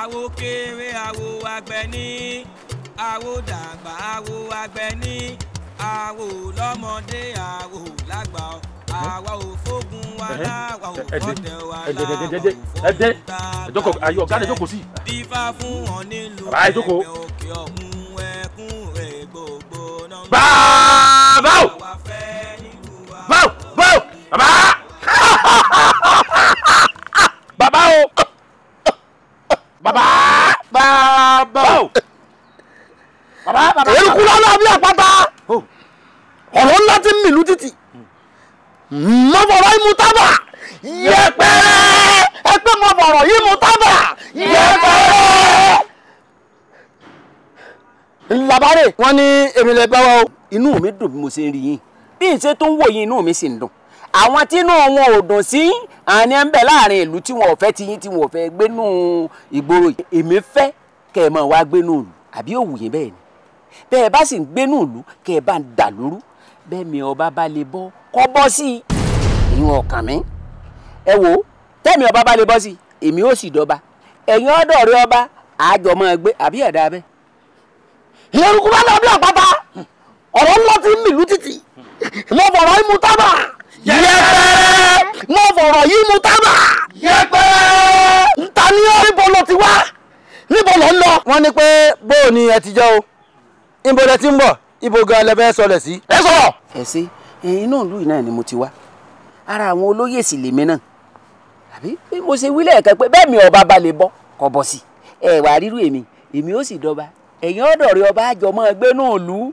àwo kéré àwo agbẹni àwo dàgbà àwo agbẹni àwo lọ́mọdé àwo lágbà àwa ò fógun wa láwa ò fọdẹ wa láwa ò fọdẹ ta lọ jẹ bífá fún wọn nílùú ẹgbẹ́ òkè ọ̀hún ẹkún rẹ̀ gbogbo náà. bàbá o bàbá o bàbá o bàbá o bàbá bàbá o bàbá bàbá. eruku lọ́nà bí àpáta ọ̀rọ̀ ńlá ti ń mìlú títì mọ́fọ̀rọ̀ ìmútábà yẹpẹrẹ ẹgbẹ́ mọ́fọ̀rọ̀ ìmútábà yẹpẹrẹ. làbárè wọn ní èmi lè bá wa o inú mi dùn bí mo ṣe ń rí yín bí n ṣe tó ń wò yín inú mi sì ń dùn àwọn tínú wọn ò dùn sí àní ẹ ń bẹ láàrin ìlú tí wọn ò fẹ́ tiyín tí wọn ò fẹ́ gbénú ìgboro yìí èmi fẹ́ kẹ́ ẹ máa wá gbénú ìlú àbí òwúyẹ bẹ́ẹ̀ ni bẹ́ẹ̀ bá sì ń gbénú ìlú kẹ́ ẹ bá ń dà lóru bẹ́ẹ̀ mi ọba bá lè bọ́ kọ́ bọ́ sí ìwọ̀n ọ̀kàn mi ẹ wò ó tẹ́mi ọba bá lè bọ́ sí èmi ó sì dọ́ba ẹ̀yin ọ̀dọ̀ rẹ ọba àjọ máa gbé àbí ẹ̀dá abẹ́. ìyẹn rúkú bá lọ bí àpáta ọ̀rọ̀ ńlọ ti ń mìlú títì mo bọ̀rọ̀ ìmú tábà. yẹpẹrẹ mo fọ̀rọ̀ yìí mu tábà yẹpẹrẹ nta ni ó níbo lo ti wá níbo lo ń lọ. wọ́n ní pé bóò ni ẹ ti jẹ́ o ibo lẹ ti ń bọ̀ ibo gan lẹ fẹ́ sọlẹ̀ sí. ẹ sọ̀rọ̀. ẹ ṣe inú ìlú yìí náà ni mo ti wá ara àwọn olóyè sì lèmi náà àbí bí mo ṣe wílẹ̀ ẹ̀kẹ́ pé bẹ́ẹ̀ mi ọba balẹ̀ bọ́ kọ bọ̀ sí ẹ̀ wà rírú èmi èmi ó sì dọba ẹ̀yìn ọ̀dọ̀ rẹ ọba àjọmọ́ ẹgbẹ́ náà lù ú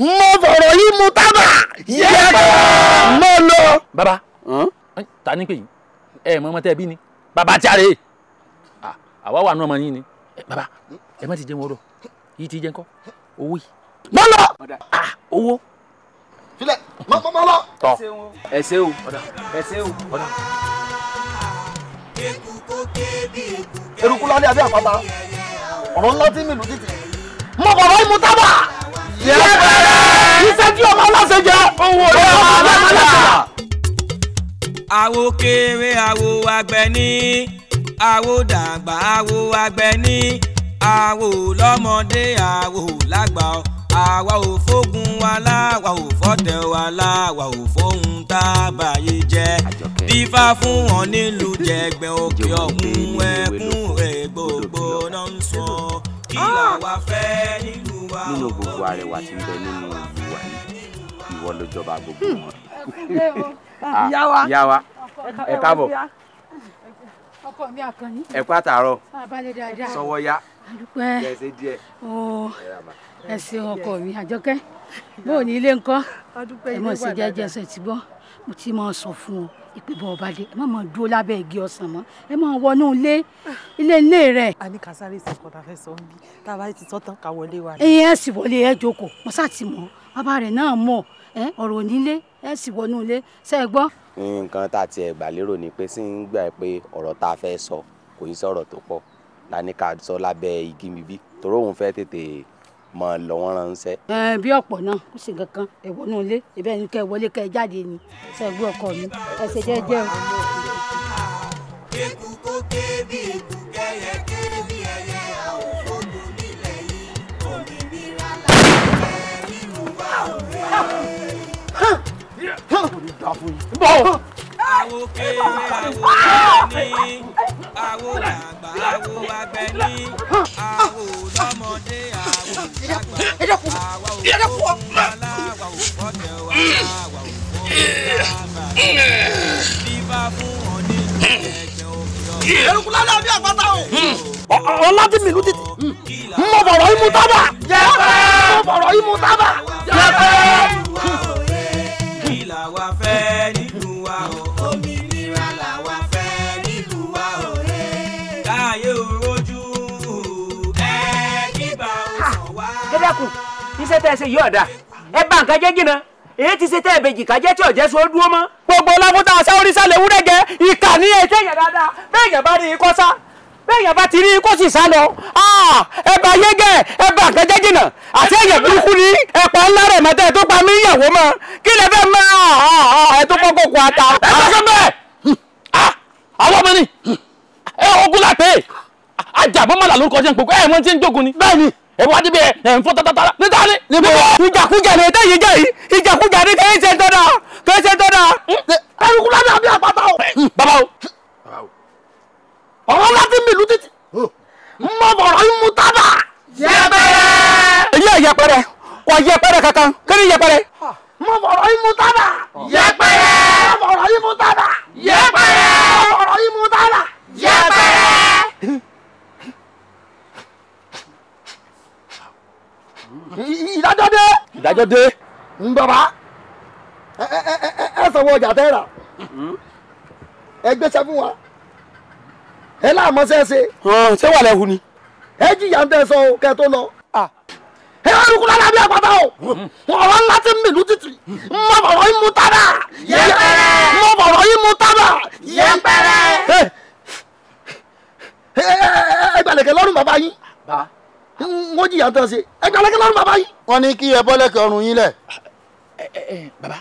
mo fọ̀rọ̀ yìí mu tábà yẹ́pà mo lọ. bàbá ta ni pé yìí ẹ mọ ọmọ tẹ bí ni Baba, tí a àwa wà nù ọmọ yín ni bàbá ẹ má ti jẹun ọ̀rọ̀ yìí ti jẹ ńkọ́ owó yìí. mo lọ owó. filẹ mọ mọ mọ lọ. tọ ẹ ṣe o ẹ ṣe o eruku lálẹ́ abẹ́ àpáta ọ̀rọ̀ mi lù títì. mo kọ̀ imú tábà jẹ́. iṣẹ́ tí ọmọ aláṣẹ jẹ́ owó ọmọ aláṣẹ. àwo kéré àwo àgbẹ̀ àwo dàgbà àwo àgbẹ̀ àwo lọ́mọdé àwo lágbà ọ́ àwa ò fógun wa láwa ò fọ́tẹ̀ wa láwa ò fóhun tá a báyé jẹ́ bífá fún wọn nílùú jẹgbẹ́ òkè ọ̀hún ẹkún rẹ̀ gbogbo náà ń sọ kí làwa fẹ́ nínú. nínú gbogbo arẹwà ti ń bẹ nínú ìlú wa yìí ìwọ ló jọba gbogbo hmm. wọn. Ah, ah, ìyá wa ẹ káàbọ̀ ẹ kú àtàárọ̀ sọwọ ya gẹ̀ẹ́sì díẹ ẹ ṣe ọkọ mi àjọkẹ́ bóò ní ilé ńkọ́ ẹ mọ̀ sí jẹ́jẹ́ ṣe ti gbọ́. mo ti máa sọ fún ọ ìpè bọ ọba dé ẹ má máa dúró lábẹ́ igi ọsàn mọ́ ẹ máa wọnú ilé ilé ilé rẹ. a ní ká sáré ìsìnkú ọ̀tá fẹ́ sọ ń bí tá a bá ti tọ́tán ká wọlé wa. ẹyin ẹ sì wọlé ẹ jókòó mo sá ti mọ bàbá rẹ náà mọ ẹ ọ̀rọ̀ onílé ẹ sì wọnú ilé ṣe é gbọ́. nǹkan tá a tiẹ̀ gbà lérò ni pé sí ń gbà pé ọ̀rọ̀ tá a fẹ́ sọ kò ní sọ̀rọ̀ tó pọ̀ la ní ká sọ lábẹ́ igi mi bí torí òun fẹ́ tètè máa lọ wọn ránṣẹ́. ẹ bí ọ̀pọ̀ náà kò sí kankan ẹ̀wọ̀ náà lé ẹ̀bẹ̀ ni kẹ́ ẹ wọlé kẹ́ ẹ jáde ni ṣe é gbé ọkọ mi ẹ jẹ́jẹ́ o awo kéré awo ní awo làgbà awo agbẹ ní awo lọmọdé awo làgbà awa òkú ọlá awa òkú ọ̀tẹ̀ wa awa òkú ọlá bíbá fún ọdí ẹgbẹ́ òkè ọ̀tẹ̀. eruku lálẹ́ àbí àgbàtà o. ọládìmí ló ti mọ bọ̀rọ̀ imú tábà. yẹ́pẹ́ mọ bọ̀rọ̀ imú tábà. yẹ́pẹ́ kí làwa fẹ́ ní. iṣẹ́ tẹ́ ẹ ṣe yí ọ̀dà ẹ bá nǹkan jẹ́ jìnnà èyí ti ṣe tẹ́ ẹ̀bẹ̀jì kájẹ́ tí ọ̀jẹ́ sọ dúró mọ́. gbogbo láfúntà àṣà oríṣà lè wúrẹ́ gẹ ìkà ní èké yẹn dáadáa bẹ́ẹ̀ yẹn bá rí ikọ́ sá bẹ́ẹ̀ yẹn bá ti rí ikọ́ sì sá lọ. ẹ bá yé gẹ ẹ bá nǹkan jẹ́ jìnnà àti ẹ̀yẹ burúkú ni ẹ̀pà ńlá rẹ̀ mọ́tẹ́ tó pa mí ìyàwó mọ́ kí lè fẹ́ mọ́ ẹ tó kọ́kọ́ kó ata. ẹ bá sọ bẹ́ẹ̀ àwọn ọmọ ni ẹ ogun láti àjàbọ́mọ́là ló ń kọjá ń pọ̀ ẹ̀ mọ́ ni ẹ wá dé bẹ́ẹ̀ ẹ̀ ń fọ́ tatatara níta ni. níbo ìjàkújà ni ètò yìí jẹ́ yìí ìjàkújà ni kẹ́hìn ṣe ń tọ́da kẹ́hìn ṣe ń tọ́da. ẹrùkú ládàá bí àpáta hmm, o. bàbá o ọ̀rọ̀ láti mìlú títì oh. mọ bọ̀rọ̀ imú tábà. yẹpẹrẹ. èyí ò yẹpẹrẹ kò yẹpẹrẹ kankan kí ni yẹpẹrẹ. mọ bọ̀rọ̀ imú tábà. yẹpẹrẹ. mọ bọ̀rọ̀ imú tábà. ìdájọ́ dé. ìdájọ́ dé. ń bàbá ẹ sanwó ọjà tẹ́ rà ẹ gbéṣẹ́ fún wa ẹ láàmú sẹ́ẹ̀sẹ̀. ṣé wà lẹ́hu ni. ẹ jìyà ń tẹ́ sọ o kẹ́ tó lọ. ẹ wá lukú lára bí àpáta o ọ̀rọ̀ ńlá ti ń mìlú títì mọ bọ̀rọ̀ yín mú tábà yẹpẹrẹ mọ bọ̀rọ̀ yín mú tábà yẹpẹrẹ. ẹ ẹ ẹ gbàlẹ̀kẹ̀ lọ́rùn bàbá yín. bàbá wọ́n jìyà tán ṣe ẹ gbalẹ́kẹ́ lọ́rùn bàbá yìí. wọ́n ní kí ẹ bọ́lẹ̀kẹ́ ọrùn yín lẹ̀. bàbá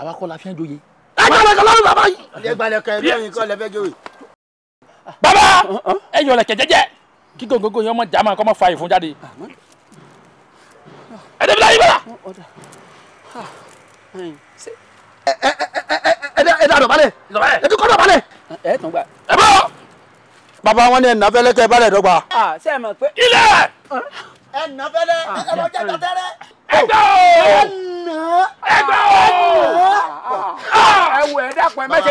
àwa kọ́ la fi ń joyè. ẹ gbalẹ́kẹ́ lọ́rùn bàbá yìí. ẹ gbalẹ́kẹ́ ẹ lẹ́yìn kọ́ lẹ́fẹ́ joyè. bàbá ẹ yọ lẹ̀kẹ̀ jẹ́jẹ́ kí gògógó yẹn ọmọ jà máa kọ́ mọ́ fa ìfun jáde. ẹ dẹ́bi láyé bá. ẹ ẹ ẹ ẹ ẹ ẹ ẹ bàbá wọn ní ẹnà fẹlẹ tẹ ah rẹ dọ́gba. ṣé ẹ mọ̀ pé. ilẹ̀. ẹnà fẹlẹ ẹnà jẹ tẹtẹrẹ. na o. ah ẹgbẹ́ o. ẹ wò ẹ dàpọ̀ ẹ ni ti wo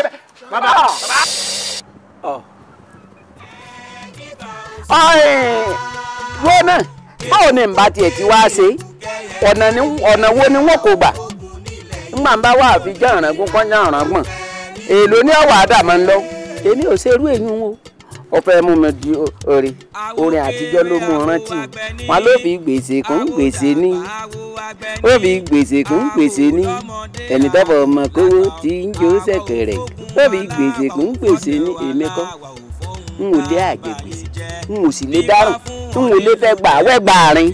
ni wọ́n kò gbà ngbà ń bá wà àfi jẹ́ àràngún kọ́ ń jẹ́ àràngún èèlò ní ọ̀wà àdàmọ́ ńlọ èmi ò ṣerú o. ó fẹ́ mú mi di orin orin àtijọ́ ló mú rántí wọn ló fi gbèsè kún gbèsè ní ó fi gbèsè kún gbèsè ní ẹni tọ́fọ̀ ọmọ kówó tí ń jó ṣẹ̀kẹ̀rẹ̀ ó fi gbèsè kún gbèsè ní èmi kọ́ n ò lé àjẹ gbèsè n ò sì lè dárùn n ò lè fẹ́ gbà wẹ́gbà rin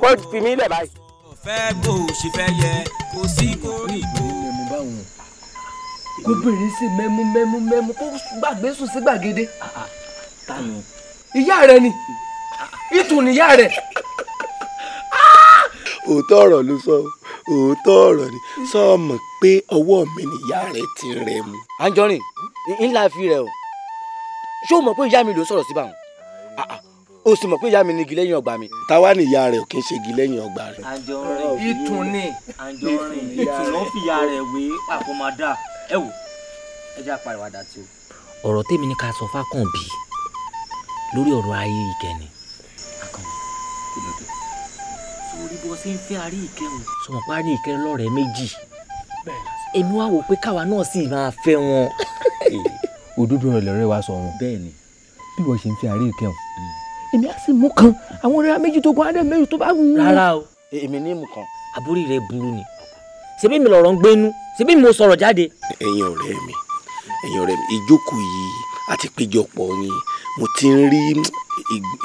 kó fi mí lẹ̀ báyìí. ọ̀fẹ́ gbòòṣì fẹ́ yẹ kò sí koríko kóbìnrin sì mẹ́mú mẹ́mú mẹ́mú kó gbàgbé sùn sí gbàgede. Ah, ah, ìyá rẹ ni ìtù níyá rẹ. Ah! òótọ́ ọ̀rọ̀ ló sọ òótọ́ ọ̀rọ̀ ni sọ́ọ̀mọ̀ pé ọwọ́ mi nìyá rẹ ti rẹ̀ mu. Anjọrin ńlá fi rẹ o ṣé o mọ̀ pé ìyá mi ló sọ̀rọ̀ sí báwọn o sì mọ̀ pé ìyá mi ní igi lẹ́yìn ọgbà mi. táwa ni ìyá rẹ ò kí ṣe igi lẹ́yìn ọgbà rẹ. Anjọrin ìtùnú ìtùnú fìyà rẹ wé àkómọdá ẹ wò ẹ jẹ́ apàrọ̀wádà tí o. ọ̀rọ̀ tèmi ni ká sọ fákànbí lórí ọ̀rọ̀ ayé ìkẹ́ni. akànbí kí ló dé. sórí bó ṣe ń fẹ́ arí ìkẹrù. sọmọ pa arí ìkẹrù lọ́rẹ̀ẹ́ méjì. èmi wá wò pé káwa náà sì máa fẹ́ wọn. Eh, òdodo rẹ̀ lọ́rẹ́ wa sọ wọn. bẹ́ẹ̀ni bí wọ́n ṣe ń fẹ́ arí ìkẹrù. Hmm. èmi á sì mú kan àwọn ọ̀rẹ́ méjì tó kọ́ adé méjì tó bá wù ú. rárá o eh, èmi ní mú kan. àbúrò rẹ burú ni ṣebí mi lọ̀rọ̀ ń gbénú ṣebí mi mo sọ̀rọ̀ jáde. ẹ̀yin ọ̀rẹ́ mi ẹ̀yin ọ̀rẹ́ mi ìjókòó yìí àti péjọpọ̀ yín mo ti ń rí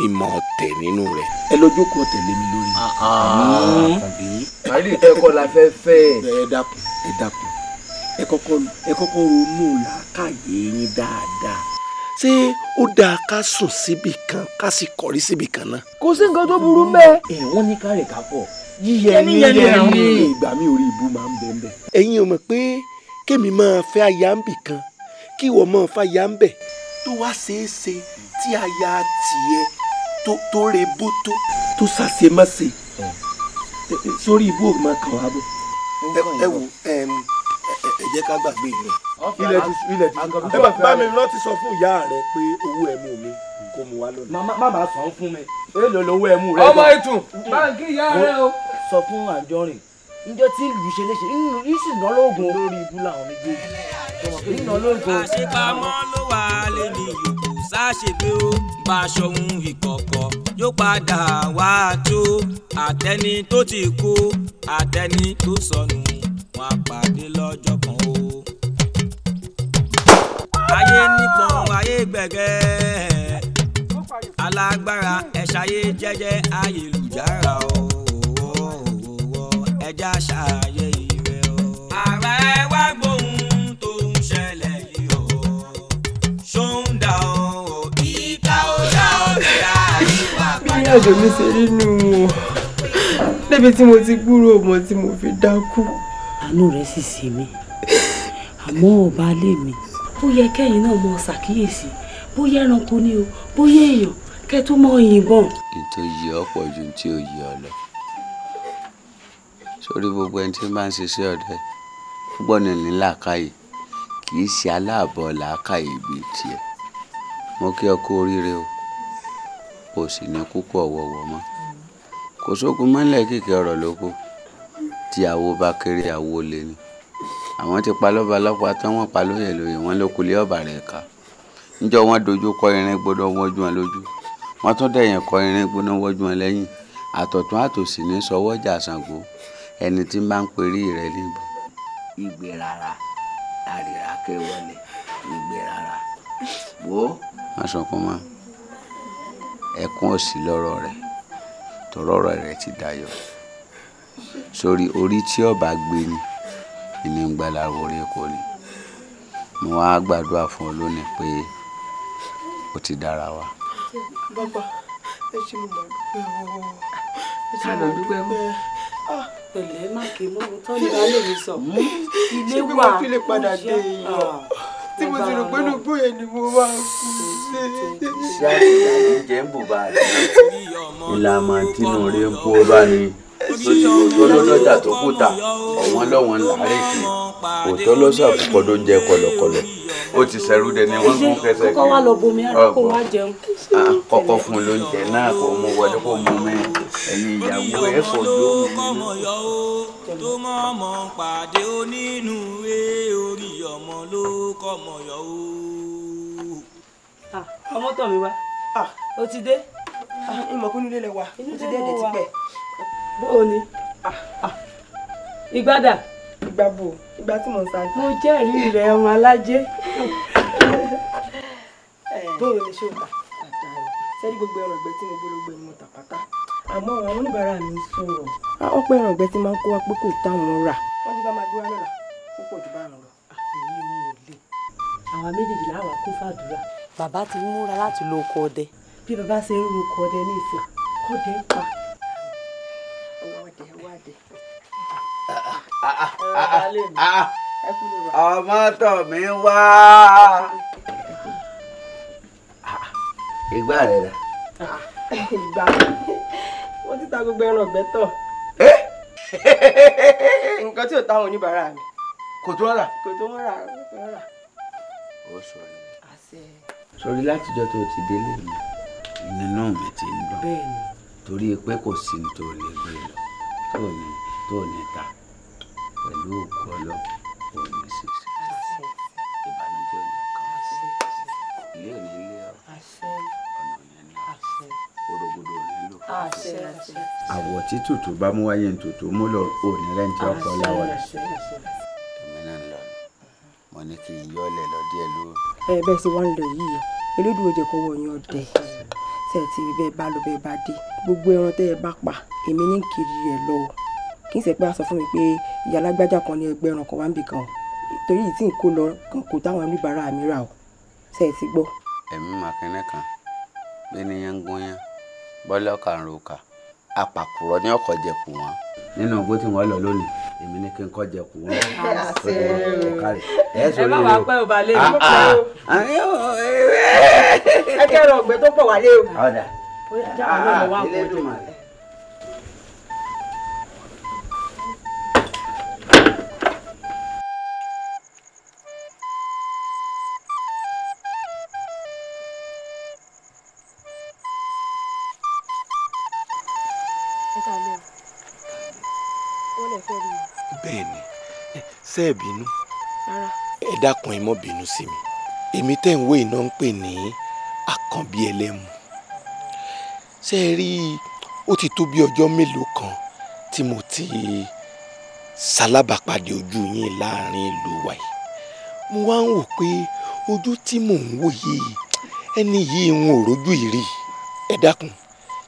ìmọ̀ ọ̀tẹ̀ nínú rẹ̀. ẹ lọ jókòó tẹ̀lé mi lórí. Ah, ah. hmm. àìrí ìkẹ́kọ̀ọ́ la fẹ́ fẹ́ ẹ dákun ẹ dákun ẹ kọ́kọ́ ronú làákàyè yín dáadáa ṣé ó dáa ká sùn síbì kan ká sì kọrí síbì kan náà. kò sí nǹkan tó burú mẹ́. ẹ eh, wọ́n ní ká rẹ̀ ká pọ̀ yíyẹ ní yẹ ní ìgbà mi orí ìbú máa ń bẹ nbẹ. ẹ̀yin ò mọ̀ pé kémi máa fẹ́ aya ń bì kan kí ìwọ máa fa aya ń bẹ̀ tó wá ṣeé tí aya tiẹ̀ tó re bó tó tó ṣàṣe má ṣe sórí ìbú ò máa kàn wá bọ̀. ẹ wo ẹ jẹ́ ká gbàgbé yẹn. ilẹ̀ ti ilẹ̀ ti ẹ bá bá mi lọ́ọ́ ti sọ fún ìyá rẹ pé owó ẹ̀ mú mi kó mu wá lọ́nà. má má bàa fún mi èèlò lówó ẹ̀ mú rẹ. ọmọ ìtùn báńkì ìyá rẹ o sọ fún àjọrìn níjọ́ tí ìlú ṣe léṣe ń sì ná lóògùn olórí ibú làwọn méjèèjì ń ná lóògùn. àṣepamọ́ ló wà lẹ́nu yòókù sáṣẹ́gbé ó bá aṣọ ohun ìkọ̀kọ̀ yóò padà wá tó àtẹni tó ti kú àtẹni tó sọnù wọn pàdé lọ́jọ́ kan o. ayé nípọn ayé gbẹ̀gẹ́ alágbára ẹ̀ṣayé jẹ́jẹ́ ayélujára o ẹja ṣàyẹ ìrẹ o. ààrẹ wá gbóhùn tó ń ṣẹlẹ̀ yìí o ṣóun dà o ìka ó dá òbí àríwá padà. bí àjò mi ṣe rí nù ú débi tí mo ti gbúrò ọmọ tí mo fi dákú. àánú rẹ sì sí mi àmọ́ ọba lé mi ó yẹ kẹ́yìn náà mọ ṣàkíyèsí bóyá ẹranko ni o bóyá èèyàn kẹ́ tó mọ yìnbọn. ètò yìí ọ̀pọ̀ ju tí ò yí sórí gbogbo ẹni tí máa ń ṣiṣẹ́ ọdẹ púpọ̀ ní ní làákàyè kì í ṣe aláàbọ̀ làákàyè bíi tiẹ̀ mo kí ọ kú oríire o kò sì ní kúkú ọ̀wọ̀ọ̀wọ̀ mọ́ kò sókun mọ́lẹ̀ kéèké ọ̀rọ̀ lóko tí àwo bá kéré àwo lé ni àwọn ti pa lọ́ba lọ́pàá tán wọ́n pa lóyè lóyè wọ́n ló kulé ọ̀bà rẹ̀ ká níjọ́ wọ́n dojú kọ irin gbọdọ̀ wọ́jú wọn lójú wọ́n tún dẹ̀yìn kọ irin gbọdọ̀ wọ́jú wọn lẹ́yìn àtọ̀tún àtòsì ní sọwọ́jà Ṣàngó ẹni tí máa ń perí rẹ níbọn. ìgbé rárá àríra ké wọlé ìgbé rárá wo. má sọkún mọ́ ẹkún òsì lọ́rọ̀ rẹ tọrọ ọ̀rọ̀ rẹ ti dayọ̀ sórí orí tí ọba gbé ni ìní ń gbàlà orí kò ní mo wá gbàdúrà fún ọ lónìí pé ó ti dára wa. bàbá ẹ ṣe mo mọ̀ ọ́ ẹ ṣe mo mọ̀ ọ́ ẹ ṣe mo mọ̀ ọ́ pẹ̀lẹ́ má ké mọ́ ohun tó ní bá mi sọ. ṣé bí mo fi lè padà dé iyọ̀ ah, tí mo ti rò pé inú gbóyè ni mo wá kú sí. ṣé àtìlẹ́yìn jẹ́ ń bò bá ìlànà tí mo rí ń bó bá ni lójú olólọ́jà tó kúta ọ̀wọ́n lọ́wọ́n láàárẹ̀ kì í òótọ́ lọ́sọ̀ àkùkọ ló jẹ kọlọkọlọ ó ti sẹ́rú dẹni wọ́n gún kẹsẹ̀ kí kọ́kọ́ wá lọ bomi ara kó wá jẹun. Ah, kọ́kọ́ fún un lóúnjẹ náà kó mú wọlé kó mú mi ẹ̀yin ìyàwó ẹ̀ fọ́ jó tó mọ̀mọ́ pàdé onínú ẹ orí ọmọ ló kọ́ mọ̀ yọ o. ọmọ tọ̀ mi wá ah. ó ti dé. Ah, ìmọ̀kúnnilé lẹ wa ó ti dé ẹ̀dẹ̀ tipẹ́ bó ni. Ah, ah. ìgbádà. ìgbà bò ìgbà tí mo ń sáré. mo jẹ́rìí rẹ̀ ọmọ alájé. bó o lè ṣe òkà sẹ́ni gbogbo ẹran ọ̀gbẹ́ tí mo gbólógbó ni mo tà pátá àmọ́ àwọn oníbàárà mi ń sọ̀rọ̀. ọ̀pọ̀ ẹran ọ̀gbẹ́ tí máa ń kó wa pé kò táwọn rà. wọ́n ti bá máa gbé wa lọ́la púpọ̀ jù bá àrùn lọ. àfihàn mi ò le. àwa méjèèjì láwa kún fàdúrà. bàbá ti múra láti lo oko ọdẹ. bí bàbá ṣe ń ro oko ní ìsìn kọ́dẹ ń pa Ah, ah, ah, ọmọ tọ̀ mí wá. ìgbà rẹ̀ rà. ìgbà wọ́n ti ta gbogbo ẹran ọ̀gbẹ́ tọ̀. Eh? nǹkan tí ò táwọn oníbàárà mi. kò tó rà. kò tó rà kò rà. ó sọ ni. sọrí látijọ́ tó ti délé mi nínú mi ti ń dùn torí pé kò sí ní tó lè gbé lọ tó ní tó ní ta pẹ̀lú òkú ọlọ́run kò ní ṣèṣe. ìbànújẹ́ nìkan ilé ò ní ọ̀nà ò ní lọ orogodo ò àwọ̀ tí tòtò bá mú wáyé tòtò mú lọ ò ní rẹ́ǹtì ọkọ̀ láwọ̀ rẹ̀. èmi náà ń lọ mo ní kí n yọ ọlẹ lọ díẹ̀ lóru. ẹ bẹ́ẹ̀ sì wọ́n ń lọ yìí elédùn òjò kò wọ̀ yín ọdẹ tẹ̀ bẹ́ẹ̀ bá lọ bẹ́ẹ̀ bá dé gbogbo ẹran tẹ́ ẹ bá pa èmi ní kiri rẹ̀ lọ́wọ́ kì í ṣe pé a sọ fún mi pé ìyá alágbájá kan ní ẹgbẹ́ ẹran kan wá ń bì kan torí ìtì ń kó lọ kàn kó táwọn oníbàárà mi rà o ṣe é ti gbọ́. ẹ̀mí màkínní kan gbẹ́niyàn gbóyàn bọ́lá ọ̀kàrùnkà apàkùrọ̀ ní ọkọ̀ jẹ̀kù wọn. nínú igbó tí wọ́n lọ lónìí èmi ní kí n kọ́ jẹ̀kù wọn. ẹ o ẹ má wàá pẹ́ ò bá lé o. Ah, ah. ẹ kẹ́rọ ọ̀gbẹ́ tó pọ̀ wálé o. ọ̀dà ilé dùn màlẹ́. ṣe é bínú. ẹ dákun ẹ mọ́ bínú sí mi èmi tẹ́ ń wé iná ń pè ní àkànbí ẹlẹ́mu ṣe é rí ó ti tó bí ọjọ́ mélòó kan tí mo ti ṣalábàpàdé ojú yín láàrin ìlú wa yìí mo wá ń wò pé ojú tí mò ń wò yìí ẹni yìí ń òrójú ìrì ẹ dákun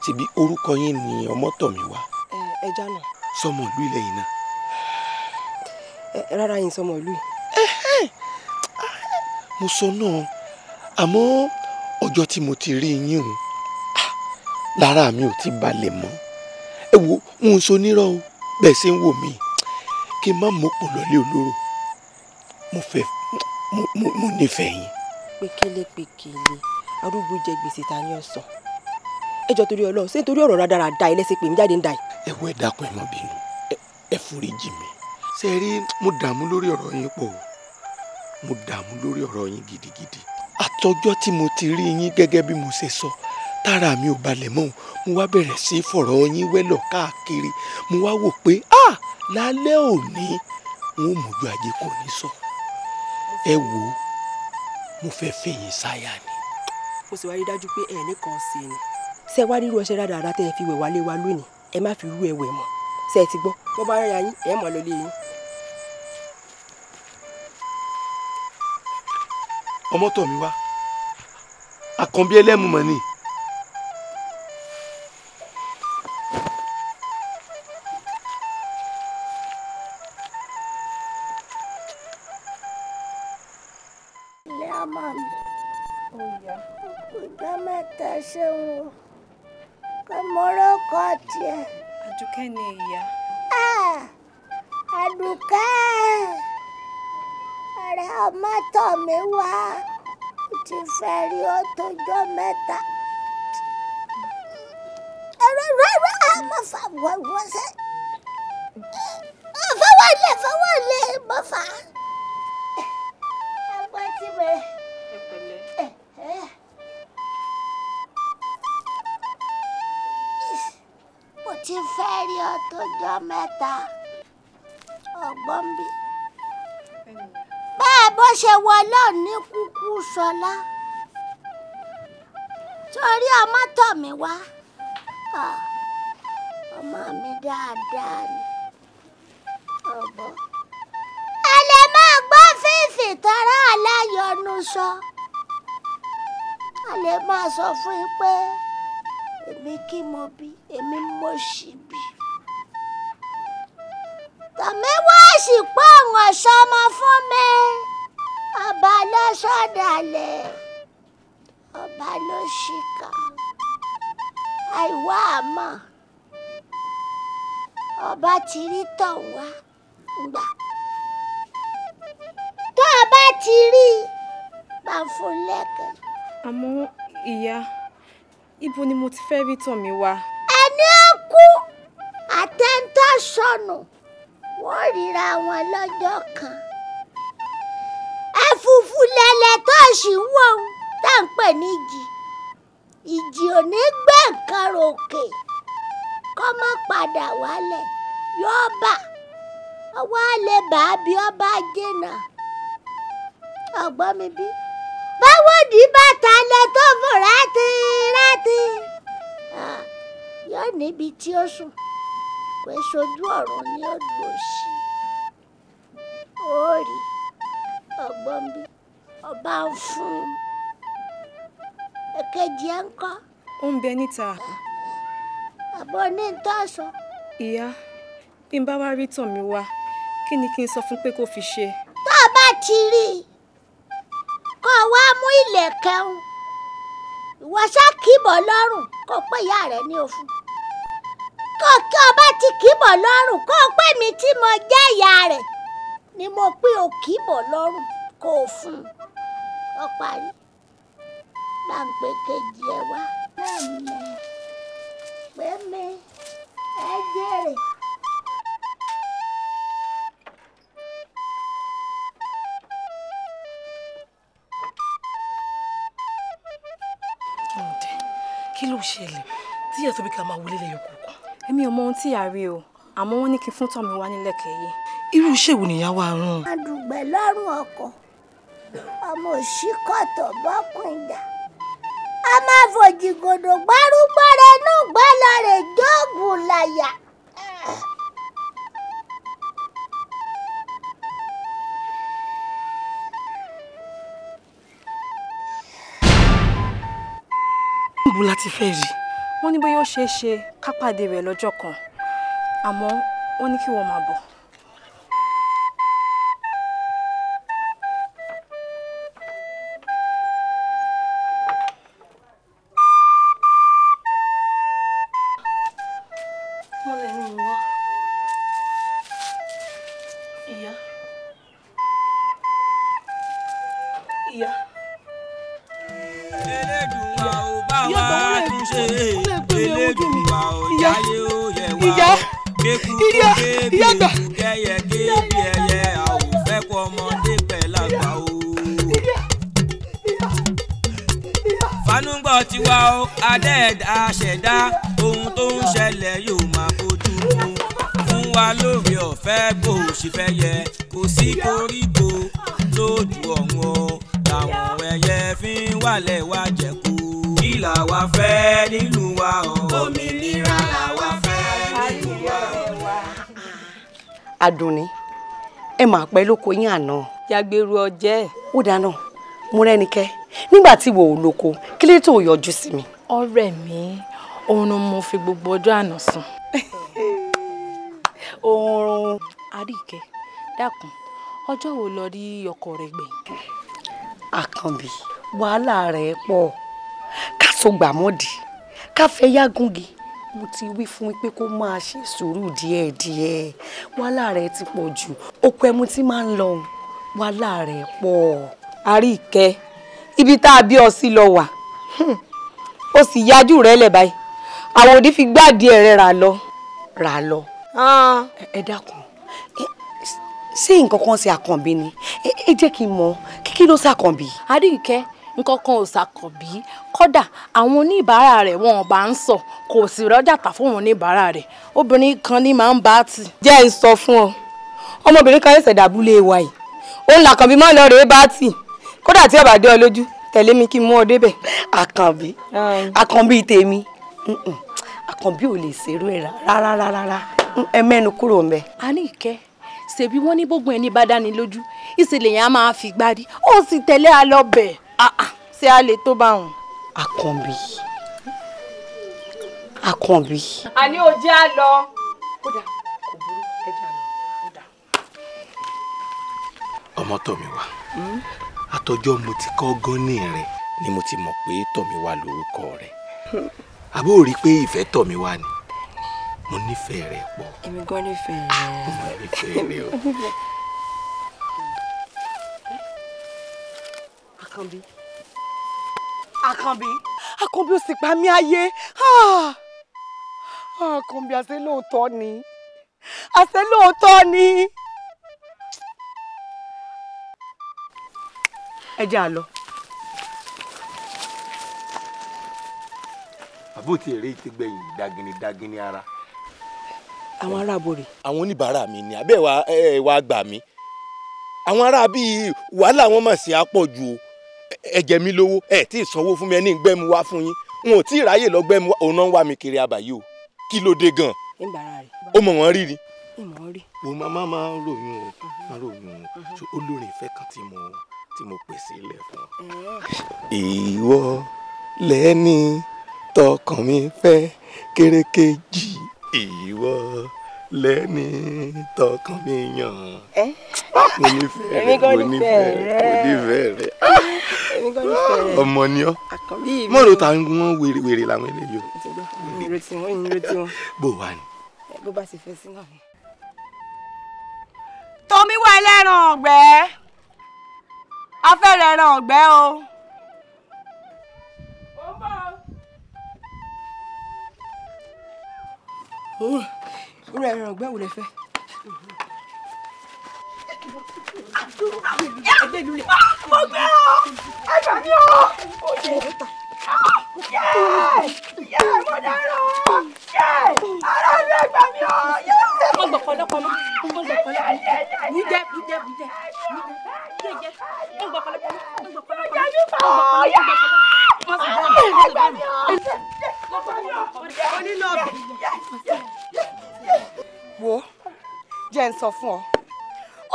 ṣebí orúkọ yín ni ọmọ tọ̀ mí wá. ẹ ẹ jánà. sọmọ ìlú ilẹ̀ yìí náà rárá yín sọmọ ìlú yìí. mo sọ náà àmọ́ ọjọ́ tí mo ti rí yín o lára mi ò ti balẹ̀ mọ́ ẹ wo n so nírọ̀ o bẹ́ẹ̀ ṣe ń wò mí kí n má mọ̀pọ̀ lọ́lé olóró mo fẹ́ mo nífẹ̀ẹ́ yín. pékélé pékélé arúgbó jẹ gbèsè ta ni ó sọ ẹjọ torí Ọlọ́run ṣé nítorí ọ̀rọ̀ rádaràda ẹlẹ́sìn pè mí jáde ń da yìí. ẹ wọ ẹ dákun ẹ mọ bínú ẹ foríjì mi ṣe rí mo dààmú lórí ọ̀rọ̀ yín pọ̀ mo dààmú lórí ọ̀rọ̀ yín gidigidi àtọjọ́ tí mo ti rí yín gẹ́gẹ́ bí mo ṣe sọ tára mi ò balẹ̀ mọ́ mo wá bẹ̀rẹ̀ sí í fọ̀rọ̀ yín wẹ́lọ̀ káàkiri mo wá wò pé a lálẹ́ òní n ó mójú ajé kò ní sọ ẹ wò mo fẹ́ fẹ̀yìn sáyà ni. mo sì wá rí dájú pé ẹ̀ẹ́nì sí ni. ṣé wàá rírú ọṣẹ rádaràda tẹ́ ẹ fi wẹ̀ wálé wa lónìí ẹ má fi rú ẹ wẹ̀ mọ́ ṣe ẹ ti gbọ́ bó bá rẹ́ra yín ẹ̀ mọ̀ lólè yín. ọmọ tọ̀ mi wá àkànbí ẹlẹ́mu mọ̀ ni. yóò tójọ́ mẹ́ta ẹ̀rọ rárá mo fà wọ́wọ́ sẹ́ eh, fọwọ́lẹ̀ fọwọ́lẹ̀ mo fà á. ẹgbẹ́ tí mo. mo ti fẹ́ rí ọ tójọ́ mẹ́ta ọgbọ́n bí. bẹ́ẹ̀ bó ṣe wọlé ní kúkú sọlá. So torí ọmọ tọ̀ mí wá ah, ọmọ mi dáadáa ni ọ̀bọ. ẹ lè máa gbọ́ fífi tara aláyọnu sọ a lè máa sọ fún yín pé èmi kí mo bí èmi mo ṣì bí tàmí wá sì pọ̀ ọ̀sán ọmọ fún mi abalẹ̀ sọ̀dàlẹ̀. So ọba ló ṣìkà àìwá àmọ́ ọba ti rí tàn wá gbà tó ọba ti rí bá fún lẹ́kàn. ìyá ibo ni mo ti fẹ́ rí tàn mí wá. ẹni ó kú àtẹ̀ntọ́ sọnù wọ́n ríra wọn lọ́jọ́ kan ẹ̀fúfú lẹ̀lẹ̀ tó sì ń wò ó tá à ń pè ní ìjì ìjì ò ní gbé nǹkan ròkè kọ́ mọ́ padà wálẹ̀ yóò bà ọwọ́ àlè bàbí ọba jìnnà ọgbọ́n mi bí. báwo ní bàtà lẹ tó fò rántí rántí yóò níbi tí ó sùn pé sojú ọ̀run ni ó dùn sí i ó rí ọgbọ́n bí ọba ń fún un èkejì ẹ ń kọ́. ó ń bẹ níta. àbọ̀ ní ìtọ́sọ. ìyá bí n bá wá rí tàn mí wá kí ni kí n sọ fún pé kó fi ṣe. tó o bá ti rí i kó o wá mú ìlẹ̀kẹ̀ ìwọ ṣá kìbọ̀ lọ́rùn kó o pé ìyá rẹ ní òfun kó o bá ti kìbọ̀ lọ́rùn kó o pé mi tí mo jẹ́ ìyá rẹ̀ ni mo pín o kìbọ̀ lọ́rùn kó o fún un ọ parí gbàǹpé kejì ẹ wá pẹ́ẹ́mẹ pẹ́ẹ́mẹ ẹ jèrè. kí ló ṣẹlẹ̀ tí ìyá tó bí ká máa wọlé lẹ́yọ kọ̀ọ̀kan. èmi ò mọ ohun tí ìyá rí o àmọ́ wọ́n ní kí n fún tọ́mi wá nílẹ̀ kẹ́yẹ. irú iṣẹ́ wo nìyá wa rán. àdùgbẹ́ lọ́rùn ọkọ̀ ọmọ òṣìkọ̀tọ̀ bọ́kùn ìjà a máa fòjì gòdò gbárùgbára inú gbálà rẹ̀ jọ́ọ̀gùn làyà. níbo la ti fẹ́ rí. wọ́n ní bóyá ó ṣeé ṣe ká pàdé rẹ̀ lọ́jọ́ kan àmọ́ wọ́n ní kí wọ́n máa bọ̀. lóko yín àná. jagberu ọjẹ́. ó dáná mo rẹ́nikẹ́ nígbà tí wò ó lóko kí lè tó yọjú sí mi. ọ̀rẹ́ mi oorun mo fi gbogbo ọjọ́ àná sùn. oorun àríkẹ́ dákun ọjọ́ wo lọ rí ọkọ rẹ gbẹ̀yìn. àkànbí wàhálà rẹ̀ pọ̀ ká so gbàmọ́dì ká fẹ́ yágúngi mo ti wí fún pé kó máa ṣe sùúrù díẹ̀díẹ̀ wàhálà rẹ̀ ti pọ̀ jù òkú ẹmu tí máa ń lọ wàhálà rẹ̀ pọ̀. àríkẹ́ ibi tá a bí ọ sí lọ wà ó hmm. sì yájú rẹ lẹ̀ báyìí àwọn òdì fi gbáàdì ẹ̀rẹ́ rà lọ. rà lọ. Ah. ẹ dákun ṣé nǹkan kan ṣe àkànbí ni ẹ jẹ́ kí n mọ̀ kí kí ló ṣàkànbí. àríkẹ́ nǹkan kan ò ṣàkànbí kódà àwọn oníbàárà rẹ̀ wọn bá ń sọ kò sì rọ́jà tà fún oníbàárà rẹ̀ obìnrin kan ní máa ń bá tì. jẹ́ ẹ sọ fún ọ ọmọbìnrin kan ẹ̀sẹ̀ dàbúlé wa yìí òun làkànbí máa ń lọ rèé bá tì kódà tí ọ̀bà dé ọ lójú tẹ̀lé mi kí n mú ọ débẹ̀. àkànbí àkànbí tèmi àkànbí ò lè ṣerú ẹ̀ rárá rárá mm, ẹ mẹ́nu kúrò ń a ní ìkẹ́ ṣèbí wọ́n ní gbogbo ẹni bá dání lójú ìṣẹ̀lẹ̀ yẹn á máa fi gbárí ó sì tẹ̀lé a ṣe á lè tó bá wọn. àkànbí àkànbí. àní ò jẹ́ á lọ. kódà kò burú ẹ jẹ́ á lọ kódà. ọmọ tọ̀mí wa hmm? àtọjọ́ mo ti kọ́ gánni rẹ̀ ni mo ti mọ̀ pé tọ̀mí wa lórúkọ rẹ̀ hmm. rí i pé ìfẹ́ tọ̀mí ni mo nífẹ̀ẹ́ rẹ̀ pọ̀. èmi gan nífẹ̀ẹ́ ah, rẹ̀. mo nífẹ̀ẹ́ rẹ̀ o. àkànbí. Àkànbí Àkànbí ó sì pa mí ayé ah! Àkànbí àṣẹ lóòótọ́ ni àṣẹ lóòótọ́ ni. ẹ jẹ́ àlọ́. àbótí èrè ìtẹ́gbẹ̀yìn dagini dagini ara. àwọn ará aborè. àwọn oníbàárà mi ni abẹ́ ẹ̀ wá gbà mí àwọn ará bíi wàhálà wọn mà sí àpọ̀jù o ẹ̀jẹ̀ mi lówó ẹ̀ tí ì sanwó fún mi ẹni gbẹ́mu wá fún yín n ò tí ì ráyè lọ gbẹ́mu wá òun náà ń wá kiri àbàyè kí ló dé gan. ó mọ̀ wọ́n rí ni. o máa máa ń ròyìn o máa ròyìn o olórin ìfẹ́ kan tí mo tí mo pèsè ilẹ̀ fún. ìwọ lẹ́ni tọkàn mi fẹ́ kérékèjì ìwọ lẹ́ni tọkàn mi yàn mo nífẹ̀ẹ́ rẹ mo nífẹ̀ẹ́ rẹ mo nífẹ̀ẹ́ rẹ. Ah, ọmọ ni ọ mọ ló ta wọn wèrè wèrè làwọn eléyìí o. ìrètí wọn ìrètí wọn. bó wà ní. bó bá ti fẹ́ sí náà. tomi wá ẹlẹ́ran ọ̀gbẹ́ afẹ́rẹ́ ẹran ọ̀gbẹ́ o. irú ẹran ọ̀gbẹ́ wo lẹ fẹ́ mo wo jẹ́ n sọ fún ọ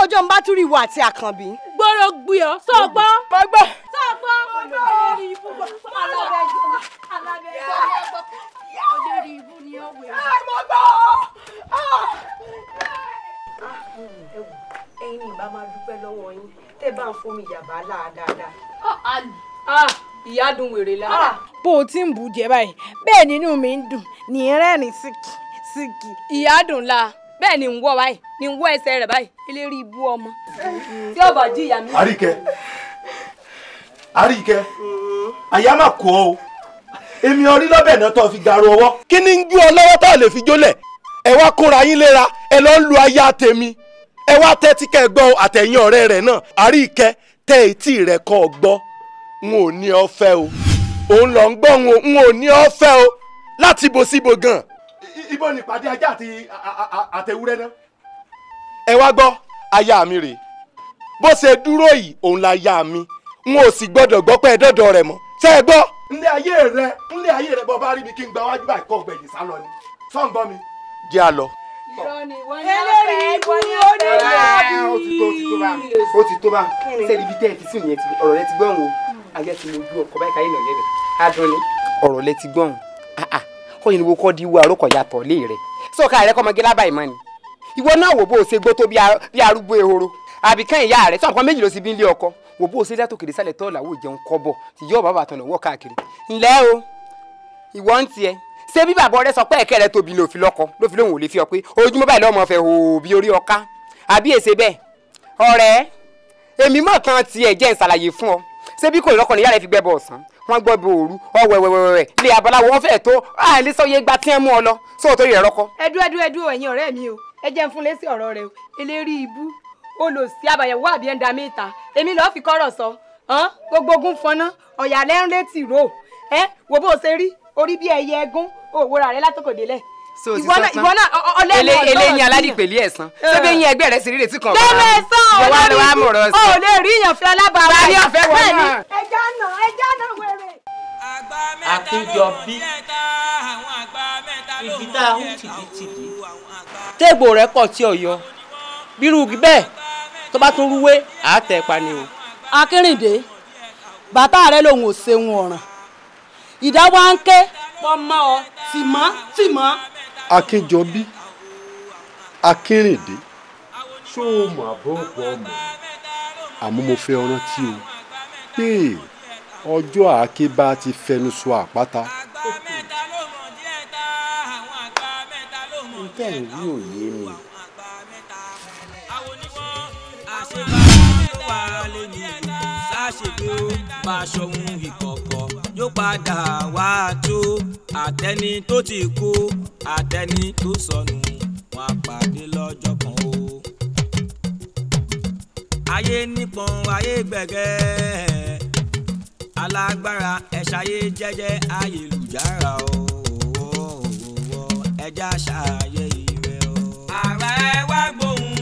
ọjọ́ ń bá tún rí ìwọ àti àkànbí. gbọ́rọ̀ gbé ọ sọ gbọ́. má gbọ́. sọ gbọ́. olórí ibú gbọ́. alábẹ́ gbọ́. alábẹ́ gbọ́. olórí ibú ni ọ wẹ̀. ẹ mọ gbọ́. Ah. Ah, ẹ̀yin ni ìbá máa dúpẹ́ lọ́wọ́ yín tẹ́ bá ń fún mi yàbá láàdáadáa. Ah, ìyá dùn wèrè lára. bó o ti ń bù jẹ báyìí bẹ́ẹ̀ nínú mi ń dùn ní rẹ́rìn síkì síkì. ìyá dùn la bẹ́ẹ̀ ni ń wọ́ báyìí ni ń wọ́ ẹsẹ̀ rẹ̀ báyìí eléri ibú ọmọ tí ọba jí ìyá mi. àríkẹ́ àríkẹ́ àyà máa kọ́ ọ èmi ọrí lọ́bẹ̀ náà tó fi gàrú ọwọ́. kí ni ń gbé ọ lọ́wọ́ tá a lè fi jólẹ̀ ẹ wá kóra yín léra ẹ lọ ń lu aya tèmi ẹ wá tẹ́tí kẹ́ àtẹ̀yìn ọ̀rẹ́ rẹ̀ náà àríkẹ́ tẹ́ etí rẹ̀ kọ́ ọ gbọ́ n ò ní ọ fẹ́ o òun lọ ń gbọ́ n ò ní ọ fẹ́ o láti bòsíbò gan-an ibo ni ìpàdé ajá àti àtẹwúrẹ́ náà. ẹ wá gbọ́ aya mi rèé bó ṣe dúró yìí òun la ya mi n ò sì gbọ́dọ̀ gbọ́ pé ẹ̀dọ́dọ̀ rẹ̀ mọ́ ṣé ẹ gbọ́. nlé ayé rẹ nlé ayé rẹ bọ́ bá rí mi kí n gba wájú báyìí kọ́ gbẹ̀yìn sálọ ni sọ́n gbọ́ mi. jẹ́ a lọ. eléyìí ikú onílé. ó ti tó bá sẹ́ni ibi tẹ́ ẹ fi sùn yẹn ọ̀rọ̀ rẹ ti gbọ́n o ayé ti mo ọkọ̀ báyìí káyé náà yẹ kọ́yìn wo kọ́ di iwu àròkọ̀ yàtọ̀ lé rẹ̀ sọ́ka rẹ̀ kọ́mọgé lábàá ìmọ̀ ni ìwọ náà wò bó o ṣe gbó tó bí arúgbó ehoro àbí kẹ́hìn ìyá rẹ̀ sọ̀kan méjì ló bí ń ọkọ wò bó o ṣe látò kèrè sálẹ̀ tọ́ọ̀lù àwọn òjẹun kọ́bọ̀ tí yóò bàbà tọ̀nà wọ̀ káàkiri ńlẹ́ o ìwọ ń tiẹ̀ ṣé bí bàbá rẹ sọ pé ẹ̀kẹ́ rẹ tóbi lòfin lọ́kọ ló fi ò lè fi ọ pé ojúmọ́ báyìí lọ́mọ fẹ́ hòó bí orí ọká àbí èsè bẹ́ẹ̀ ọ̀rẹ́ èmi mọ̀ kan tiẹ̀ jẹ́ ń fún ọ ṣé bí kò lọ́kọ̀ ní yàrá fi gbẹ́bọ̀ ọ̀sán wọ́n gbọ́ bí òru ọ̀wẹ̀wẹ̀wẹ̀ ilé abaláwo wọ́n fẹ́ẹ̀ tó àìlísọ̀yé gba tí ẹ mú ọ lọ sóò tó yẹ rọ́kọ. ẹdú ẹdú ẹdú ẹ̀yin ọ̀rẹ́ mi o ẹ jẹ́ ń fún lésì ọ̀rọ̀ rẹ o eléri ibú olòsí àbàyẹ̀wò àbí ẹ̀ńdà mi ìta èmi lọ́ọ́ fi kọ́rọ̀ sọ gbogbo ogun fọná ọ̀yà lẹ́rìn létí rò ẹ wo bó ṣe rí orí bí ẹyẹ ẹgún òwúrọ̀ rẹ látòkòdélẹ̀ ìwọ náà ìwọ náà ọlẹ́nu ọ̀dọ́ eléyìn aládìpẹ̀lẹ́ ẹ̀sán sẹ́bẹ̀ eh. yín ẹgbẹ́ rẹ̀ sì rí retí kan. tẹ́lẹ̀ sàn ò lè rí ò lè rí yàn fẹ́ alábàárà rẹ̀ yàn fẹ́ wọ́n náà. ẹja náà ẹja náà wẹ̀rẹ̀. àpéjọ bí ibi tá a ń tìdítìdí téègbò rẹ kọ tí ọyọ bírú bẹ́ẹ̀ tó bá tún rúwé àátẹ pani o. akérèdé bàtà rẹ lòun ò ṣeun ọ̀ràn ìdáwọ́ à ń ọ tì mọ́ tì mọ́ akínjọbí akínrìndé ṣó o mọ àbọ̀ ọ̀pọ̀ ọmọ àmọ́ mo fẹ́ rántí o pé ọjọ́ àáké bá ti fẹnu sọ àpáta. ǹjẹ́ ìrí òye mi. àṣebá wà lẹ́nu àṣebí ó bá aṣọ òun ìkọ̀kọ̀ yóò padà wá jó àtẹni tó ti kú àtẹni tó sọnù wọn á pàdé lọ́jọ́ kan o. ayé nípọn ayé gbẹ̀gẹ́ alágbára ẹ̀ṣayé jẹ́jẹ́ ayélujára o ẹja ṣàyẹ̀ ìrẹ́ o. ààrẹ wá gbóhùn.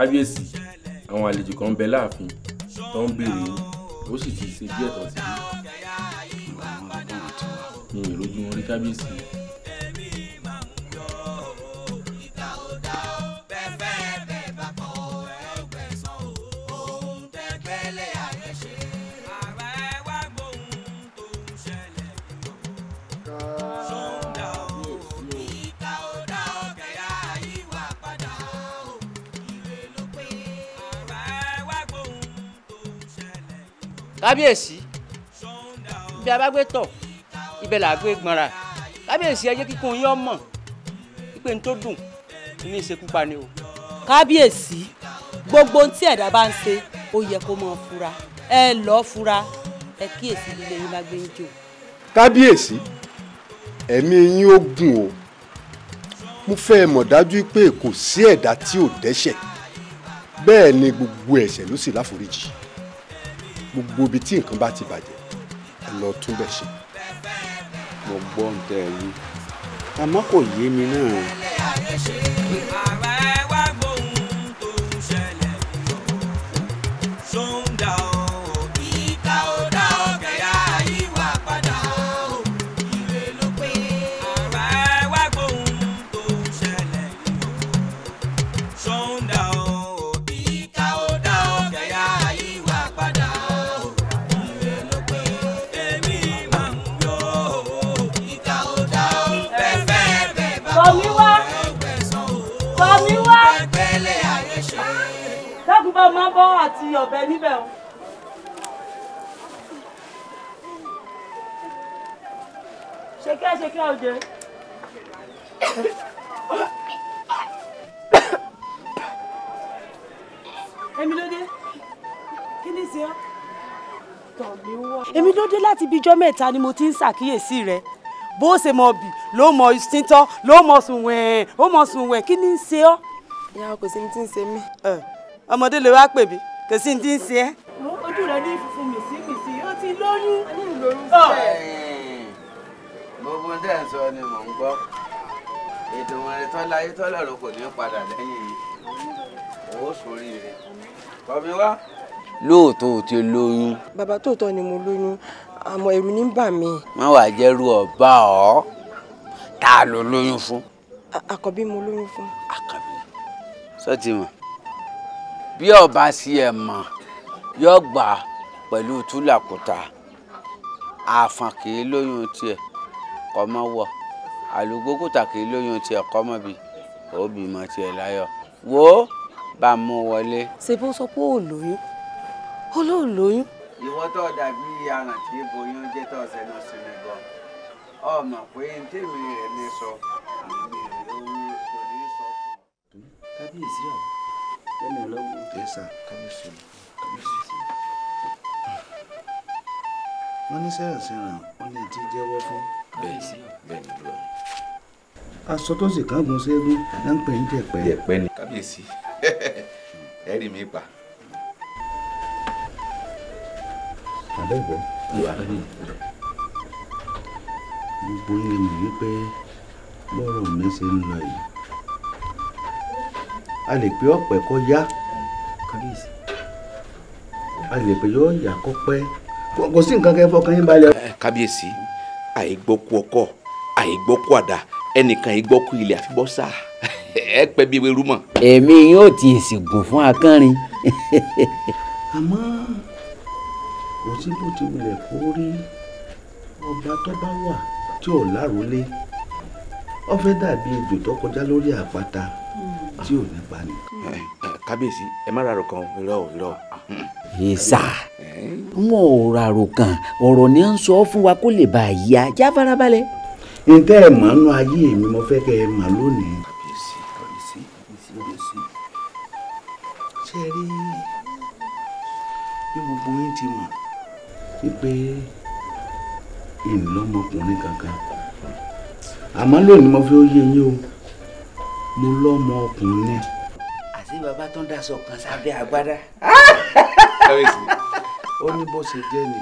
kábíyèsí àwọn àlejò kan ń bẹ láàfin tó ń béèrè yín ó sì ti ṣe bí ẹ̀tọ́ sí i. mi ò lójú wọn rí kábíyèsí. kábíyèsí bí a bá gbé tọ̀ ibẹ̀ là á gbé gbọ́nra kábíyèsí ẹ jẹ́ kíkún yín ọmọ pípé ní tó dùn ní ìṣekúpa ni o. kábíyèsí gbogbo tí ẹ̀dá bá ń ṣe ó yẹ kó máa fura ẹ lọ fura ẹ kíyèsí líle yín lágbé ń jò. kábíyèsí ẹ̀mí yín ó gùn o mo fẹ́ mọ̀ dájú pé kò sí ẹ̀dá tí ò dẹ́ṣẹ̀ bẹ́ẹ̀ ni gbogbo ẹ̀ṣẹ̀ ló sì láforíjì gbogbo ibi tí nǹkan bá ti bàjẹ́ ẹ lọ tún bẹ̀ ṣe. mo gbọ́ ń tẹ̀ yín àmọ́ kò yé mi náà. abọ́ àti ọ̀bẹ níbẹ̀ o. ṣèké ṣèké òjè. èmi ló dé kí ni ṣe ọ́ tọ̀ mí wá. èmi ló dé láti ibi ijọ́ mẹ́ta ni mo ti ń ṣàkíyèsí rẹ bó ṣe mọ bì ló mọ títọ́ ló mọ sùn wẹ̀ẹ́ ó mọ sùn wẹ̀ẹ́ kí ni ń ṣe ọ́. ìyá kò sí ní tí ń ṣe mí ọmọdé lè wá pè mí kò sí ní ti ń ṣe ẹ́. ojú rẹ ní ìfúnfún mìsí mìsí ó ti lóyún. a ní ìlóyún sílẹ̀. gbogbo dẹ́ ń sọ ni mò ń gbọ́ ètò ìrìn tọ́lá ayé tọ́lá rò kò ní padà lẹ́yìn yìí ó sórí rẹ̀ tọ́bi wá. lóòótọ́ ò ti lóyún. bàbá tóòtọ́ ni mo lóyún àmọ́ ẹ̀rù ní bà mí. má wàá jẹ́rú ọba ọ́ tá a lọ lóyún fún. àkọ́bí mo lóyún fún. àkọ́bí sọ́tìmọ̀. So, bí ọba sí ẹ mọ yọ gbà pẹ̀lú túlàkùtà àfàn kì í lóyún tiẹ̀ kọ́mọ wọ̀ àlùgbókùtà kì í lóyún tiẹ̀ kọ́mọ bì ó bímọ tiẹ̀ láyọ̀ wò ó bá mú wọlé. ṣé bó sọ pé ó lóyún ó ló lóyún. ìwọ tó dàbí aràn tí boyún jẹ́ tó ọ̀sẹ̀ náà sí mi gan ọmọ pé n tèmi rẹ̀ mi sọ àmì mi ò ní sọ fún un. kábíyèsí ọ̀hún lẹ́nu wọ́n ní sẹ́yìn sẹ́yìn wọ́n ní ti jẹ́wọ́ fún. bẹ́ẹ̀ sí bẹ́ẹ̀ ni lọ. aṣọ tó sì kángun ségun náà ń pè ní jẹ̀pẹ́. jẹ̀pẹ́ ni kábíyèsí ẹ rí mi pa. àbẹ́ ìbọn. gbogbo yín ni mo ní mi ṣe ń lọ yìí a lè pé ọ̀pẹ kọ́ yá a lè pé yọ ọ̀yà kọ́ pẹ́ kò sí nǹkan kẹ́ fọkàn yín balẹ̀. kábíyèsí àìgbọ́kú ọkọ àìgbọ́kú àdá ẹnìkan ìgbọ́kú ilẹ̀ àfibọ́sà ẹ pẹ́ bí ewé rúmọ̀. èmi yóò ti ìsìnkùn fún akánrin. àmọ́ kò sí bó ti wulẹ̀ kó rí ọba tó bá wà tí ò láròlé ó fẹ́ dàbí ejò tó kọjá lórí àpáta tí ò ní pa ni. Eh, eh, kábíyèsí ẹ má rárò kan irọ́ o irọ́. ìsà wọn eh? ò rárò kan ọ̀rọ̀ ni à ń sọ fún wa kó lè bá a yá já farabalẹ̀. ntẹ́ ẹ̀ mọ̀ nínú ayé mi mo fẹ́ kẹ́ ẹ mọ̀ lónìí. kábíyèsí kábíyèsí kábíyèsí ṣe rí bí gbogbo yín ti mọ̀ wípé ìlọ́mọkùnrin kankan àmọ́ lónìí mo fi yé yín o mo lọ́mọ ọkùnrin. àti bàbá tó ń daṣọ kan sábẹ́ agbádá. ó ní bó ṣe jẹ́ ni.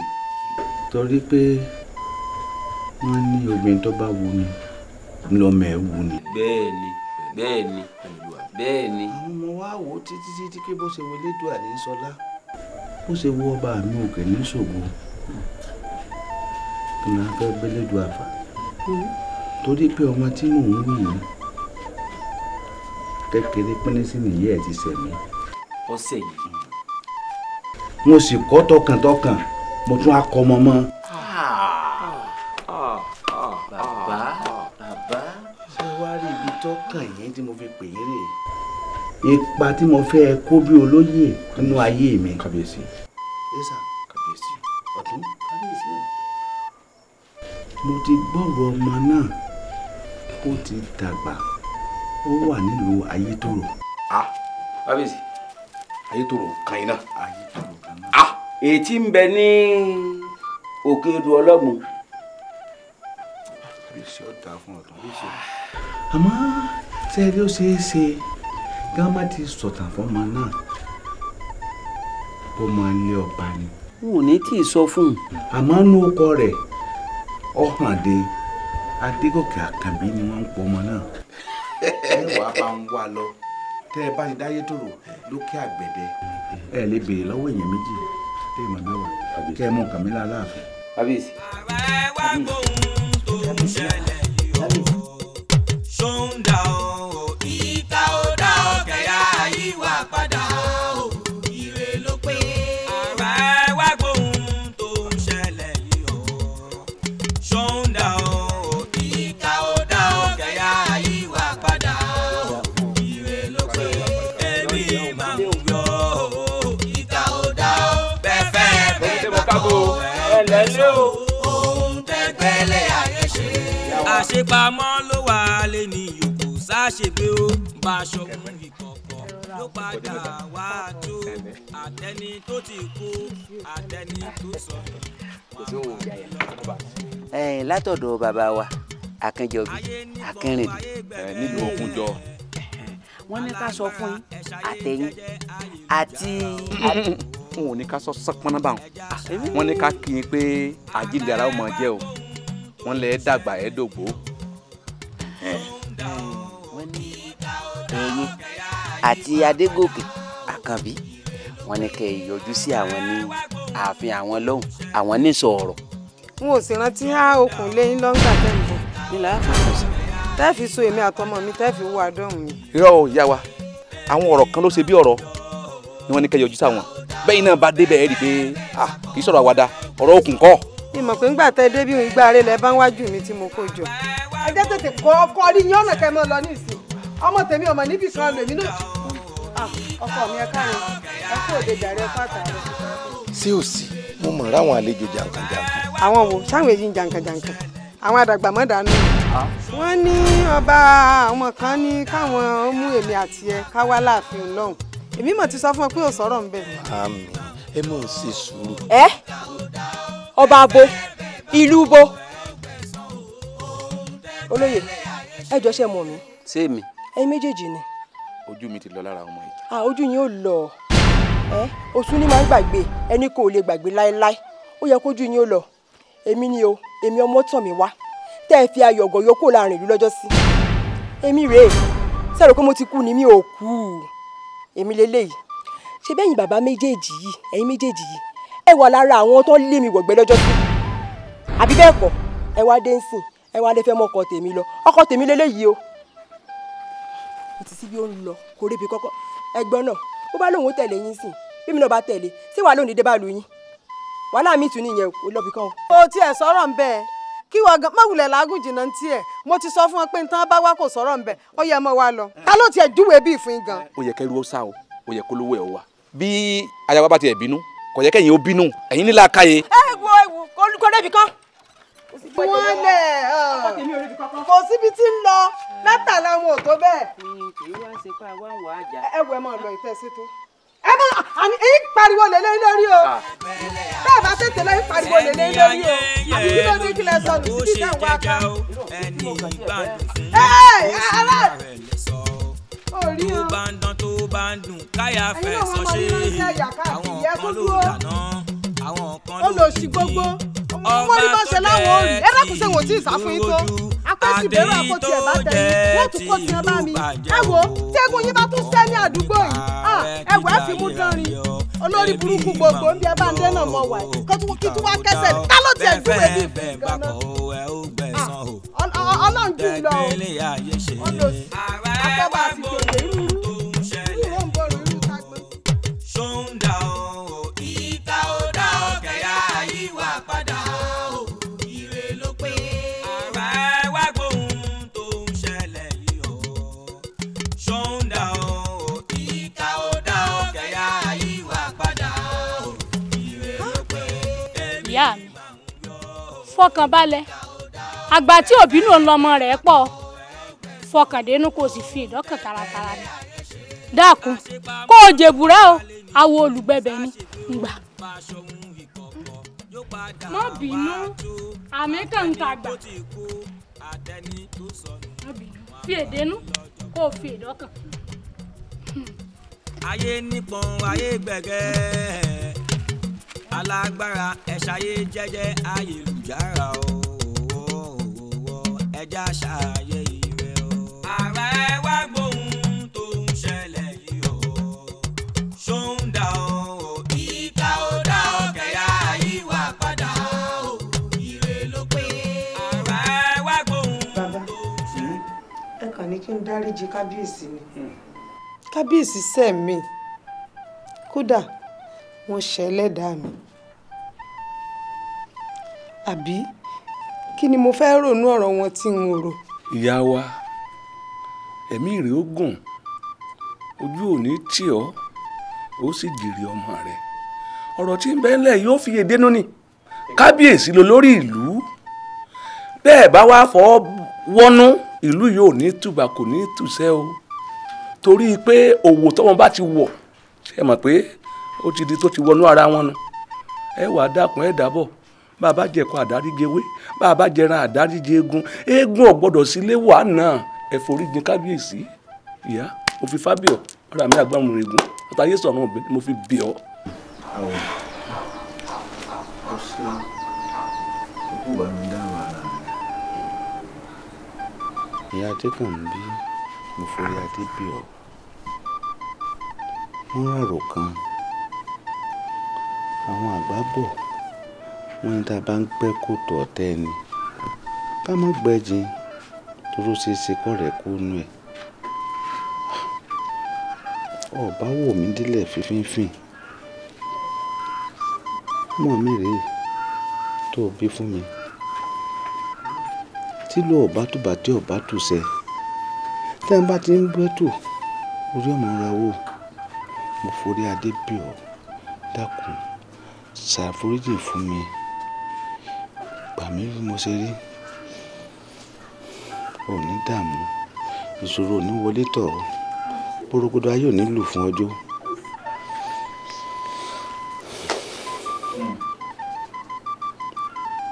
torí pé wọ́n ní obìnrin tó bá wù ni lọ́mọ ẹ̀ wù ni. bẹ́ẹ̀ ni bẹ́ẹ̀ ni bẹ́ẹ̀ ni. àwọn ọmọ wa wò ó títí títí pé bó ṣe wo elédùn àní sọlá bó ṣe wo ọba mi òkè ní ṣògo kí ni a fẹ́ gbélédùn àfà hmm. torí pé ọmọ tí mò ń wí yìí kékeré pínínsì nìyí ẹ̀ ti sẹ̀mí. ọ̀sẹ̀ yìí. mo sì kọ́ tọkàntọkàn mo tún á kọ́ ọmọ mọ́. bàbá bàbá ṣé wàá rí ibi tọ́kàn yẹn tí mo fi pè é rè ipa tí mo fẹ́ kó bí olóyè nínú ayé mi. kábíyèsí. ẹ sà kábíyèsí ọ̀tún kábíyèsí mo ti gbọ́rọ̀ ọmọ náà ó ti dàgbà ó wà nílùú ayétòrò. a ah, kábíyèsí ayétòrò kan iná. ayétòrò kan iná. a ah, èyí tí ń bẹ ní òkè edu ọlọ́gbọ̀n. kábíyèsí ó dáa fún ọ̀tún bí ṣe. àmọ́ ṣé ẹ bí ó ṣeé ṣe gámà ti sọ̀tàn fọ́mọ náà ó máa ń lé ọba ni. n ò ní tí ì sọ fún un. àmọ́ nú ọkọ rẹ̀ ọ̀hàndé adégòkè àkànbí ni wọ́n ń pọ ọmọ náà ẹ wàá bá ń wá lọ tẹ́ ẹ bá ti dáyé tòrò lókè àgbẹ̀dẹ ẹ lè béèrè lọ́wọ́ èèyàn méjì tẹ́ ẹ mọ̀ bẹ́ẹ̀ kẹ́ ẹ mọ̀ kàmí láàfin. kábíyèsí. ààrẹ wá gbóhùn tó ń ṣẹlẹ̀ yìí ó ṣó ń dà ó. àṣepamọ́ ló wà lé ní yòókù sáṣebé ó bá aṣọ mú ìkọ̀kọ̀ ló padà wá tó àtẹni tó ti kú àtẹni tó sọnù ẹ̀yìn látọ̀dọ̀ bàbá wa akínjọbí akínrìndì nílùú ògùnjọ wọ́n ní ká sọ fún àtẹ̀yìn àti. wọn ní ká sọ sọpọnà báwọn wọ́n ní ká kí n pé àjíǹde ara ó máa jẹ́ o wọ́n lè dàgbà ẹ̀ dògbò. wọ́n ní ẹ̀yin àti adégòkè àkànbí wọ́n ní kẹ́ ẹ yọjú sí àwọn ní ààfin àwọn lọ́hùn àwọn ní sọ̀rọ̀. n ò sì rántí á okùn lẹ́yìn lọ́ngbà tẹ̀m̀bọ̀ nílà àkàkọ́ sí tẹ́ẹ̀fì so èmi àtọmọ mi tẹ́ẹ̀fì wọ àdọ́hùn mi. irọ́ ò yá wa àwọn ọ̀rọ̀ kan ló ṣe bí ọ̀rọ̀ ni wọ́n ní kẹ́ ẹ yọjú sáwọn bẹ́ẹ̀ náà bá débẹ̀ ẹ̀ rí i pé kì í sọ̀rọ̀ àwàdà ọ̀rọ̀ okùn ìmọ̀ pé ńgbà tẹ́ débi ìgbà rẹ̀ lẹ́ bá ń wájú mi tí mo kó jọ. ẹ jẹ́ tètè kọ́ ọkọ rí yín ọ̀nà kẹ́ mọ́ lọ ní ìsìn ọmọ tèmi ọmọ níbi kan lèmi náà ọkọ mi ẹ káyọ̀ ẹ òde jàre ẹ pàtà sí òsì mo mọ̀ ráwọn àlejò jàǹkànjàǹkàn. àwọn wo sáwọn èyí ń jàǹkànjàǹkàn àwọn àdàgbà mọ́ dànù. Ah. wọ́n ní ọba àwọn kan ní káwọn ó èmi àti ẹ ká láàfin lọ́hùn ọba bo ìlú bo olóyè ẹ jọ ṣe mọ̀ mí. ṣé èmi. ẹ̀yin méjèèjì ni. ojú mi ti lọ lára ọmọ yìí. à ojú yín ò lọ ẹ oṣù ni màá gbàgbé ẹni kò lè gbàgbé láéláé ó yẹ kójú yín ó lọ èmi ni o èmi ọmọ tàn mí wá tẹ́ ẹ fi ayọ̀ ọ̀gọ̀ yòókù láàrin ìlú lọ́jọ́ sí èmi rèé sẹ́rò pé mo ti kú ni mi ò kú èmi lélẹ́yìí ṣe bẹ́yìn bàbá méjèèjì yìí ẹ̀yin méjèèjì yìí ẹ wà lára àwọn tó lé mi wọ̀gbẹ́ lọ́jọ́ sí àbí bẹ́ẹ̀ kọ́ ẹ wá dé ń sìn ẹ wá lè fẹ́ mọ ọkọ tèmi lọ ọkọ tèmi lélẹ́yìí o ètí síbi ó ń lọ kó rébi kọ́kọ́ ẹgbọ́n náà bó bá lóun ó tẹ̀lé yín sìn bí mi náà bá tẹ̀lé ṣé wàá lónìí dé bá lu yín wàhálà mi tún nìyẹn ò lọ́bì kan. o tiẹ̀ sọ̀rọ̀ ń bẹ́ẹ̀ kí wọ́n gan mọ̀wùlẹ̀ làágùn jìnnà ń tiẹ̀ mo ti sọ fún wọn pé nǹkan bá wá kò sọ̀rọ̀ ń bẹ̀ ó yẹ mọ́ wa lọ ta ló tiẹ̀ júwèé bí ìfún yín gan. ó yẹ kẹ́rù ó sá o ó yẹ kólówó ẹ̀ wà bí ayaba bá tiẹ̀ bínú kò yẹ kẹ́yìn ó bínú ẹ̀yin nílà káyé. ẹ wo ewu kó débi kan. wọ́n kò síbi tí ń lọ látàlá wọn ò tó kì í wá ṣe pé àwa wà á jà. ẹ wo ẹ máa lọ ìtẹ́sítú ẹ mọ àmì èyí pariwo lélẹ́ lórí o ah. bẹ́ẹ̀ bá tètè lọ́yìn pariwo lélẹ́ lórí o àbí kí ló ní kí lẹ sọ ní sísè wá kan. ẹ ẹ ara tó bá ń dán tó bá ń dùn káyà fẹ́ sọ ṣe àwọn kan ló dáná àwọn kan ló bí ọba tó jẹ kí lójú adé tó jẹ tí ìlú bàjẹ́ o ọ̀rẹ́ kìtà rẹ̀ kìtà rẹ̀ o olórí burúkú gbogbo ń bí ẹ bá ń dẹ́nà mọ wà kí tí wàá kẹsẹ̀ ká ló tiẹ̀ júwe bí ìfìgànnà ọlọ́run jù lọ ọdọ àtọ́bà àti tòkè rúurú ìwọ̀n bọ̀rọ̀ irú ká gbé. fọkàn balẹ̀ àgbà tí òbí ló ń lọmọ rẹ̀ pọ̀ fọkàn dénú kò sì fi ìdọ́kàn taratara ni dákun kó o jèbùrẹ́ o awo olùgbẹ̀bẹ̀ ni gbà má bínú àmì kan tàgbà fi èdénú kó o fi ìdọ́kàn. ayé nípọn ayé gbẹ̀gẹ́. alágbára ẹ ṣayé jẹ́jẹ́ ayélujára o ẹ já ṣàyẹ̀ ire o. ààrẹ wá gbóhùn tó ń ṣẹlẹ̀ yìí o ṣóun dà o. ìka ó dá ọkẹ́ yá ìwà padà o ire ló pé. ààrẹ wá gbóhùn tó ń ṣe. ẹ kàn ní kí n dáríji kábíyèsí ni hmm. kábíyèsí sẹ́ẹ̀ kódà wọ́n ṣe ẹlẹ́dàá mi àbí kí ni mo fẹ́ rònú ọ̀rọ̀ wọn tí n ò rò. ìyá wa ẹ̀mí rẹ̀ ó gùn ojú ò ní tì ọ́ ó sì jèrè ọmọ rẹ̀ ọ̀rọ̀ tí ń bẹ ńlẹ̀ yóò fi èdè nú ni kábíyèsí ló lórí ìlú bẹ́ẹ̀ bá wá fọ́ wọ́nú ìlú yóò ní tùbà kò ní tùsẹ́ o torí pé òwò tọ́mọ bá ti wọ̀ ṣe mọ̀ pé ó ti di tó ti wọnú ara wọn nu ẹ wàá dákun ẹ dábọ̀ bàbá jẹ̀kọ àdáríje a bàbá jẹran àdáríje eegun eegun ọ̀gbọ́dọ̀ sílé wà náà ẹ̀fọ́ríjìn kábíyèsí ìyá mo fi fábíọ̀ ọ̀rọ̀ àmì àgbàmù rẹ̀gùn ọ̀tá yéṣu ọ̀run ọ̀bẹ mo fi bì ọ́. àwọn ọsẹ òkú bá mi dáhùn ara mi. ìyá adékàn mo forí adé bì ọ́ wọ́n rárò kan àwọn àgbà bọ̀ wọ́n ní tá a bá ń gbẹ́ kòtò ọ̀tẹ́ ni ká má gbẹ́jìn tóró ṣe é ṣe kọ́ rẹ̀ kó nu ẹ̀ ọ̀bá wò mí délẹ̀ fífínfín mọ̀ mí rèé tó o bí fún mi tílò ọ̀bá tó bá dé ọ̀bá tù sẹ́ tẹ́ ń bá ti ń gbẹ́tò orí ọmọ ra wò mo forí adé bí ọ dákun ṣàforíjì fún mi gbà mí bí mo ṣe rí ò ní dààmú ìṣòro ò ní wọlé tọ̀ ọ́ borogodo ayé ò ní lù fún ọjọ́.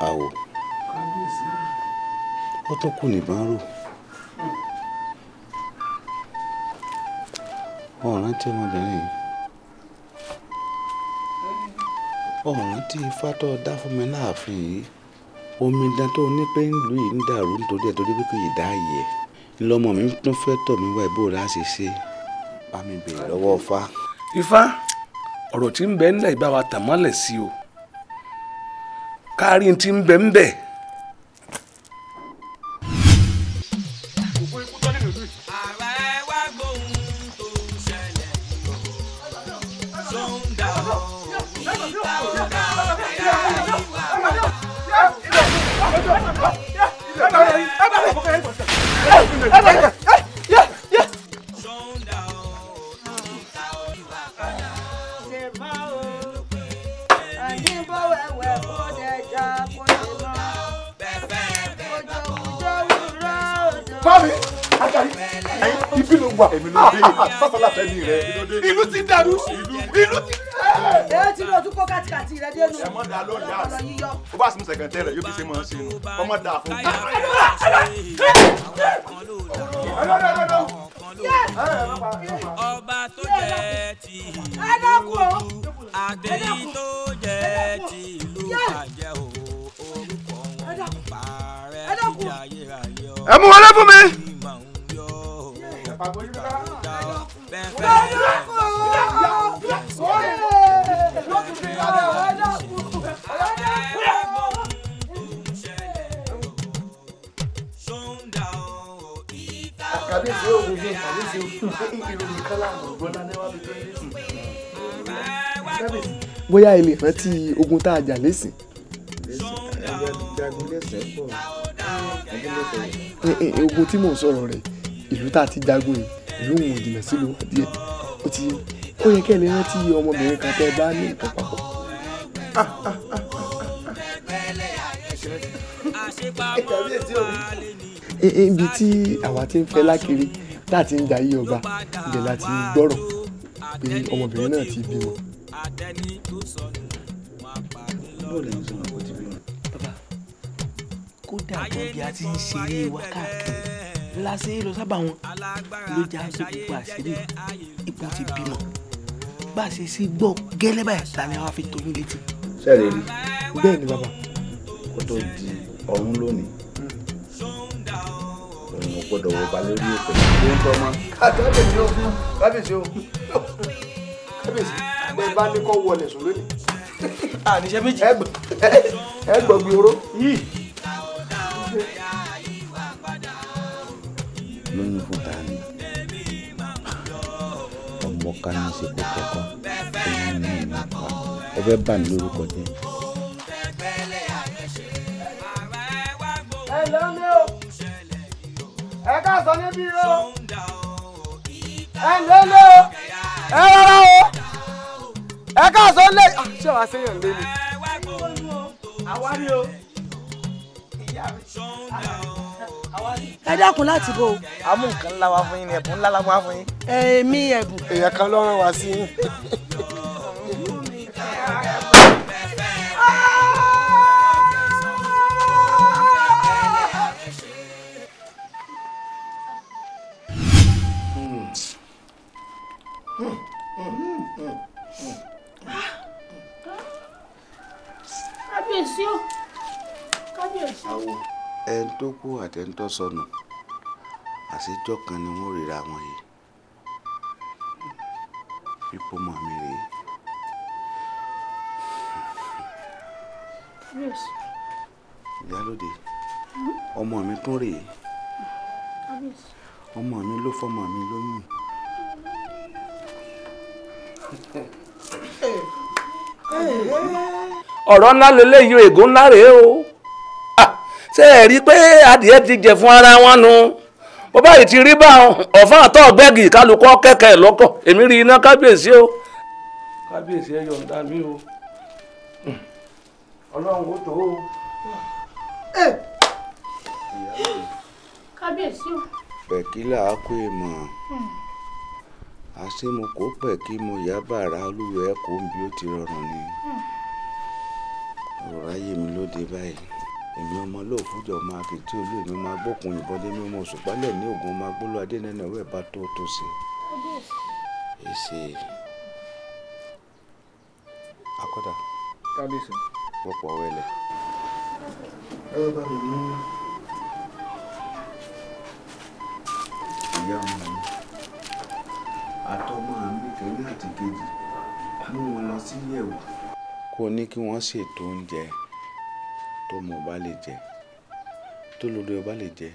àwò ó tó kù nìbọn rò ọ̀ràn tí ọmọbìnrin ọ̀ràn tí ifá tó dá fún mi láàfin yìí omidan tó ní pé ìlú yìí ń dàrú nítorí ẹ̀ torí pé kò yìí dá yìí ẹ̀ lọmọ mi tún fẹ́ tọ̀ mí wá ìbò láti ṣe bá mi bèrè lọ́wọ́ Ifá. Ifá ọ̀rọ̀ tí ń bẹ ńlẹ̀ ìbá wa tàn sí o kárí ti ń bẹ ń bẹ sẹ̀kẹ̀ntẹ́ rẹ̀ yóò fi you máa ṣe nù ọmọ dà fún mi. ọba tó jẹ́ ti ìlú àdéhì tó jẹ́ ti ìlú àjẹ́ o orúkọ wọn nípa rẹ̀ ti jẹ́ ayérayé. ẹ mú mi. rántí ogun tá a jà lẹ́sìn. ogun tí mò ń sọ̀rọ̀ rẹ̀ ìlú tá a ti jagun yìí ìlú òun jìnnà sílùú díẹ̀ ó ti ó yẹ kẹ́lẹ́ rántí ọmọbìnrin kan tẹ́ ẹ bá ní nǹkan papọ̀. ibi tí àwa ti ń fẹ́ lákiri tá a ti ń ọba ìjẹ̀lá ti gbọ́rọ̀ pé ọmọbìnrin náà ti bímọ. la ti ń ṣe wa káàkiri ńlá lọ sábà wọn ló já sí gbogbo àṣírí ipò ti bímọ bá a ṣe sí gbọ́ gẹ́lẹ́ báyìí ta ni wàá fi tó yín létí. sẹ́ẹ̀rẹ̀ rí bẹ́ẹ̀ ni bàbá kó tó di ọ̀run lónìí òun ò gbọ́dọ̀ wọ balẹ̀ orí ẹ̀fẹ̀ ló ń tọ́mọ. kábíyèsí o kábíyèsí o kábíyèsí bẹ́ẹ̀ bá ní kọ́ wọlé sùn lónìí. àníṣe méjì. ẹgbẹ́ ẹgbẹ́ gbòòrò yìí. lóyún fún dání ọmọ ká ṣe kó kọkọ ẹyìn ní ìmọ̀ pa ẹ fẹ́ bà lórúkọ jẹ́. ẹ lọ ní o o ẹ rárá o ẹ ká lé ah, ṣé wàá ṣe yàn lé mi. àwa o ẹ dákun láti bò. àmú nǹkan ńlá wa fún yín ni ẹ̀bùn ńlá la wá fún yín. èmi ẹ̀bùn. èèyàn kan lọ́rùn wá sí yín. àtẹ̀ńtọ́ sọnù àṣejọ́ kan ni wọ́n ríra wọn yìí ipò mọ̀ mi rèé. Rose. Ìyálóde. Hmm? Ọmọ mi tún rèé. Ọmọ mi ló fọmọ mi lóyún. ọ̀rọ̀ ńlá leléyìí ègún ńlá rèé o. ṣé ẹ rí i pé adìẹ ti jẹ fún ara wọn nu bó báyìí ti rí bá ọ̀fọ̀n àtọ̀ ọ̀gbẹ́gì kálukọ́ kẹ̀kẹ́ lọ́kọ̀ èmi rí iná kábíyèsí o kábíyèsí ẹ yọ̀ǹda mi o ọlọ́run ó tó o. kábíyèsí o. pẹ̀kílà á kó èèmọ̀ àṣemokò mo yá bàrà olúwẹ̀ẹ́ kò bí ó ti rọrùn ni hmm. ọ̀rọ̀ ayé mi ló dé báyìí. èmi ọmọ olóòfújọ ọmọ akitì olú èmi ọmọ agbókun òyìnbọn lé mi ọmọ òṣùpálẹ̀ ní oògùn ọmọ agbóló adénẹ́nà ọwọ́ ẹ̀ bá tó tó ṣe. èsè akọ́dà kábíyèsí wọ́pọ̀ wẹ́lẹ̀. ẹ bá mi mú ìyá ọmọ mi àtọmọ mi kẹlẹ àti kejì mú wọn lọ sí yẹ̀wò. kó o ní kí wọ́n ṣètò oúnjẹ tó mọ ọba lè jẹ tó lórí ọba lè jẹ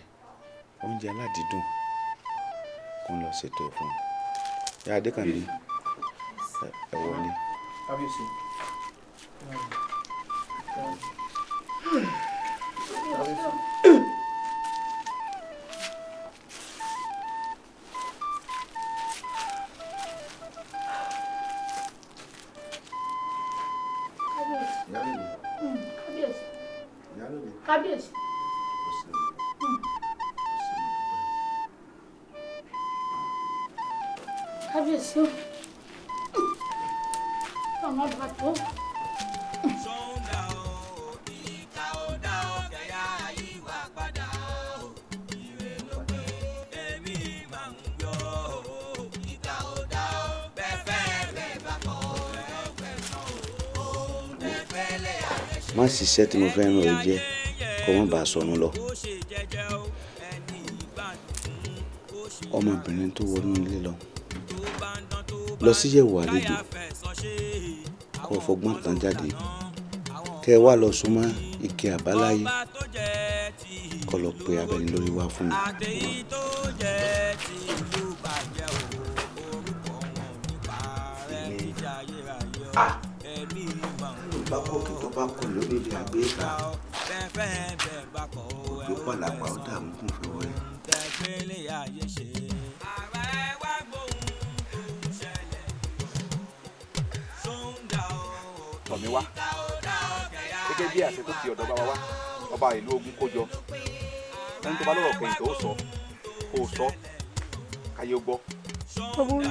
oúnjẹ aládìídùn kó ń lọ ṣètò fún un yá adékànlé ẹ wọlé. kábíyèsí kábíyèsí. kábíyèsí o. ọmọ bàtọ́. báǹsì iṣẹ́ tí mo fẹ́ ràn ọ́ jẹ́ kó wọ́n bá a sọnù lọ. ọmọbìnrin tó wọnú ilé lọ lọ sí yẹ̀wò àlejò kó fọgbọ́n tán jáde kẹ́ ẹ wá lọ súnmọ́ ike àbáláyé kó lọ pe abẹ́ni lórí wá fún mi. orílẹ̀-èdè àgbéyẹ̀ká òjò pàlàpà ó dààmú kún fún wẹ́. tọ̀mí wá gẹ́gẹ́ bí àṣẹ tó fi ọ̀dọ̀ bá wa wá ọba ìlú Ògùn kó jọ ẹni tó bá lọ́rọ̀ kẹyìn tó sọ kó sọ káyé gbọ́. ọmọ mi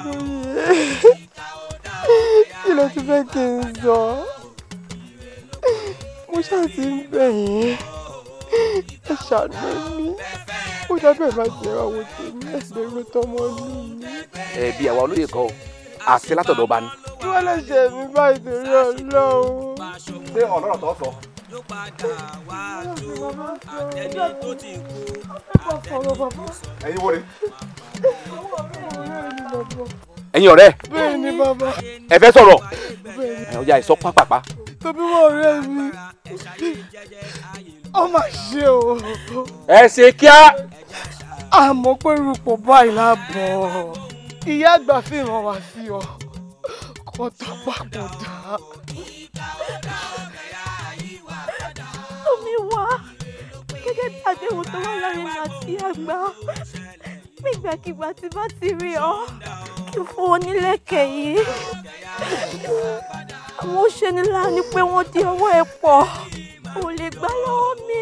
kí ló tún fẹ́ kí n sọ ṣáàtì ń bẹ̀ yín ẹ ṣàánú mi ó dábẹ́ ẹ̀ máa jẹ́ àwọn tí mi ẹ̀sìn ló tọmọ ní mi. ẹ bí àwa olóyè kan o àṣẹ látọ̀dọ̀ bá ní. kí wọ́n lè ṣe mí báyìí torí ọlọ́run. ṣé ọlọ́rọ̀ tó sọ. ló padà wá ju àtẹni tó ti kú àtẹni tó sọ. ẹ̀yin wọlé. ẹ̀yin ọ̀rẹ́. bẹ́ẹ̀ ni bàbá. ẹ fẹ́ sọ̀rọ̀. bẹ́ẹ̀ ni. ọjà ìsọ pápápá tóbi wọ ọ̀rẹ́ mi ó mà ṣe o. ẹ ṣe kíá. àmọ́ pé rúpọ̀ báyìí láàbọ̀ ìyá àgbà fìràn wá sí ọ kó tó papọ̀ dá. omi wá gẹ́gẹ́ bí àdéhùn tó wà láàrin mi àti àgbà nígbàkigbà tí bá ti rí ọ kí n fún ọ nílẹ̀kẹ̀ yìí àwọn ṣeni lánìí pé wọ́n di ọwọ́ ẹ̀ pọ̀ kò lè gbà lọ́wọ́ mi.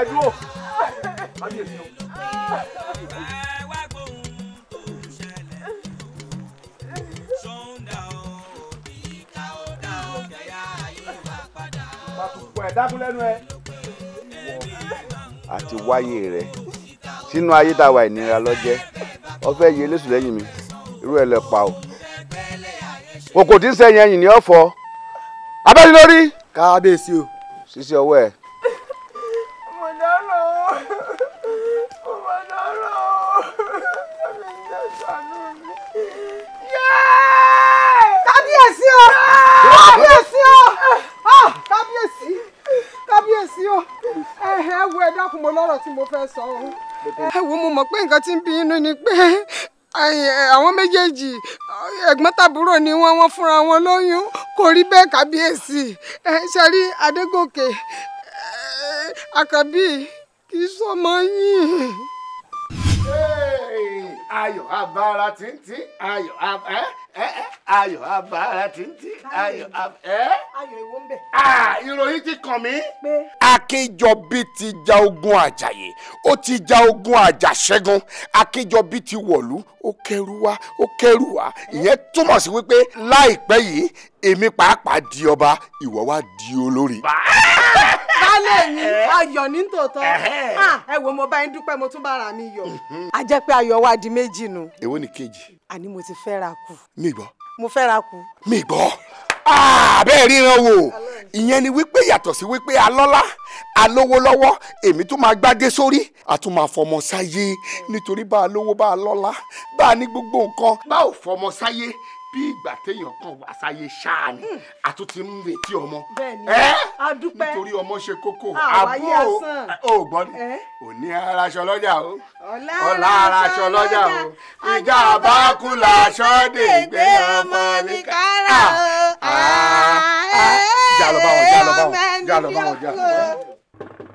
ẹ dúró. dákun lẹ́nu ẹ. àti wáyé rẹ sínú ayé tá a wà ìnira lọ́jẹ́ ọfẹ́ yìí eléṣù lẹ́yìn mi irú ẹ̀ lẹ pa o kòkò tí ń sẹ́yìn ẹ̀yìn ni ọ̀fọ̀ abẹ́ni lórí. kábíyèsí o. ṣíṣe ọwọ́ ẹ̀. fẹ́ sọ o. ẹ wo mo mọ̀ pé nǹkan tí ń bí inú ni pé àwọn méjèèjì ẹ̀gbọ́n tàbúrò ni wọ́n wọ́n fúnra wọn lóyún kò rí bẹ́ẹ̀ kábíyèsí ṣe rí Adégòkè àkàbí kì í sọmọ yín ayọ̀ abara tíntín ayọ̀ ẹ ẹ ayọ̀ abara tíntín ayọ̀ ẹ. ayọ̀ ìwo ń bẹ. ìròyìn ti kàn mí. akínjọbí ti ja ogun àjàyè ó ti ja ogun àjàṣẹ́gun akínjọbí ti wọ̀lú ó kẹrù wá ó kẹrù wá ìyẹn túmọ̀ sí wípé láìpẹ́ yìí èmi pàápàá di ọba ìwọ wá di olórí. báà baálé mi ayọ̀ ní tòótọ́ ah, ẹ wo mo bá yín dúpẹ́ mo tún bára mi yọ̀. a jẹ́ pé ayọ̀ wa di méjì nu. èwo ni kejì. àní mo ti fẹ́ ra kù. mi gbọ́. mo fẹ́ ra kù. mi gbọ́ ah, bẹ́ẹ̀ ríran wò ìyẹn ni wípé yàtọ̀ sí wípé alọ́lá alówó lọ́wọ́ èmi tún máa gbádé sórí àtún máa fọmọ sáyé nítorí bá a lówó bá a lọ́lá bá a ní gbogbo nǹkan bá ò fọmọ sáyé bí ìgbà téèyàn kan wà sáyé ṣáà ni àtúntì hmm. ń retí ọmọ ẹ nítorí ọmọ ṣe kókó àbó ò gbọ́ ni òní ara aṣọ lọ́jà o ọ̀la ara aṣọ lọ́jà o ìjà àbákú làṣọ dè gbé ọmọ ní kára ah, o. Ah, ah. jà lọ bá wọn jà lọ bá wọn jà lọ bá wọn jà lọ bá wọn.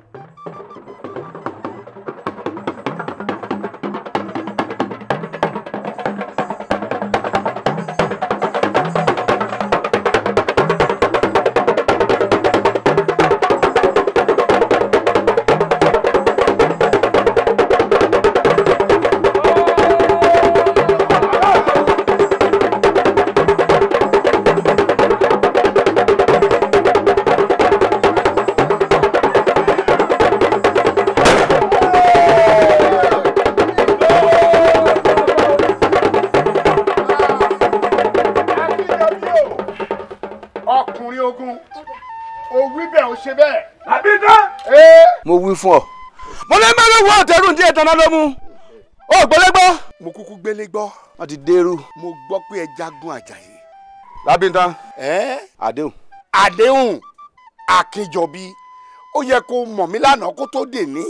ṣe bẹ́ẹ̀. àbí tán. mo wí fún ọ mo lè má lọ wọ ọ̀tẹ̀rù díẹ̀ tán náà ló mú o gbélé gbọ́. mo kúkú gbélé gbọ́. wọ́n ti dẹ́rù. mo gbọ́ pé ẹ jagun àjàyè. lábìntán. ẹ àdéhùn. àdéhùn àkejọbí ó yẹ kó mọ̀ mí lánàá kó tó dè ní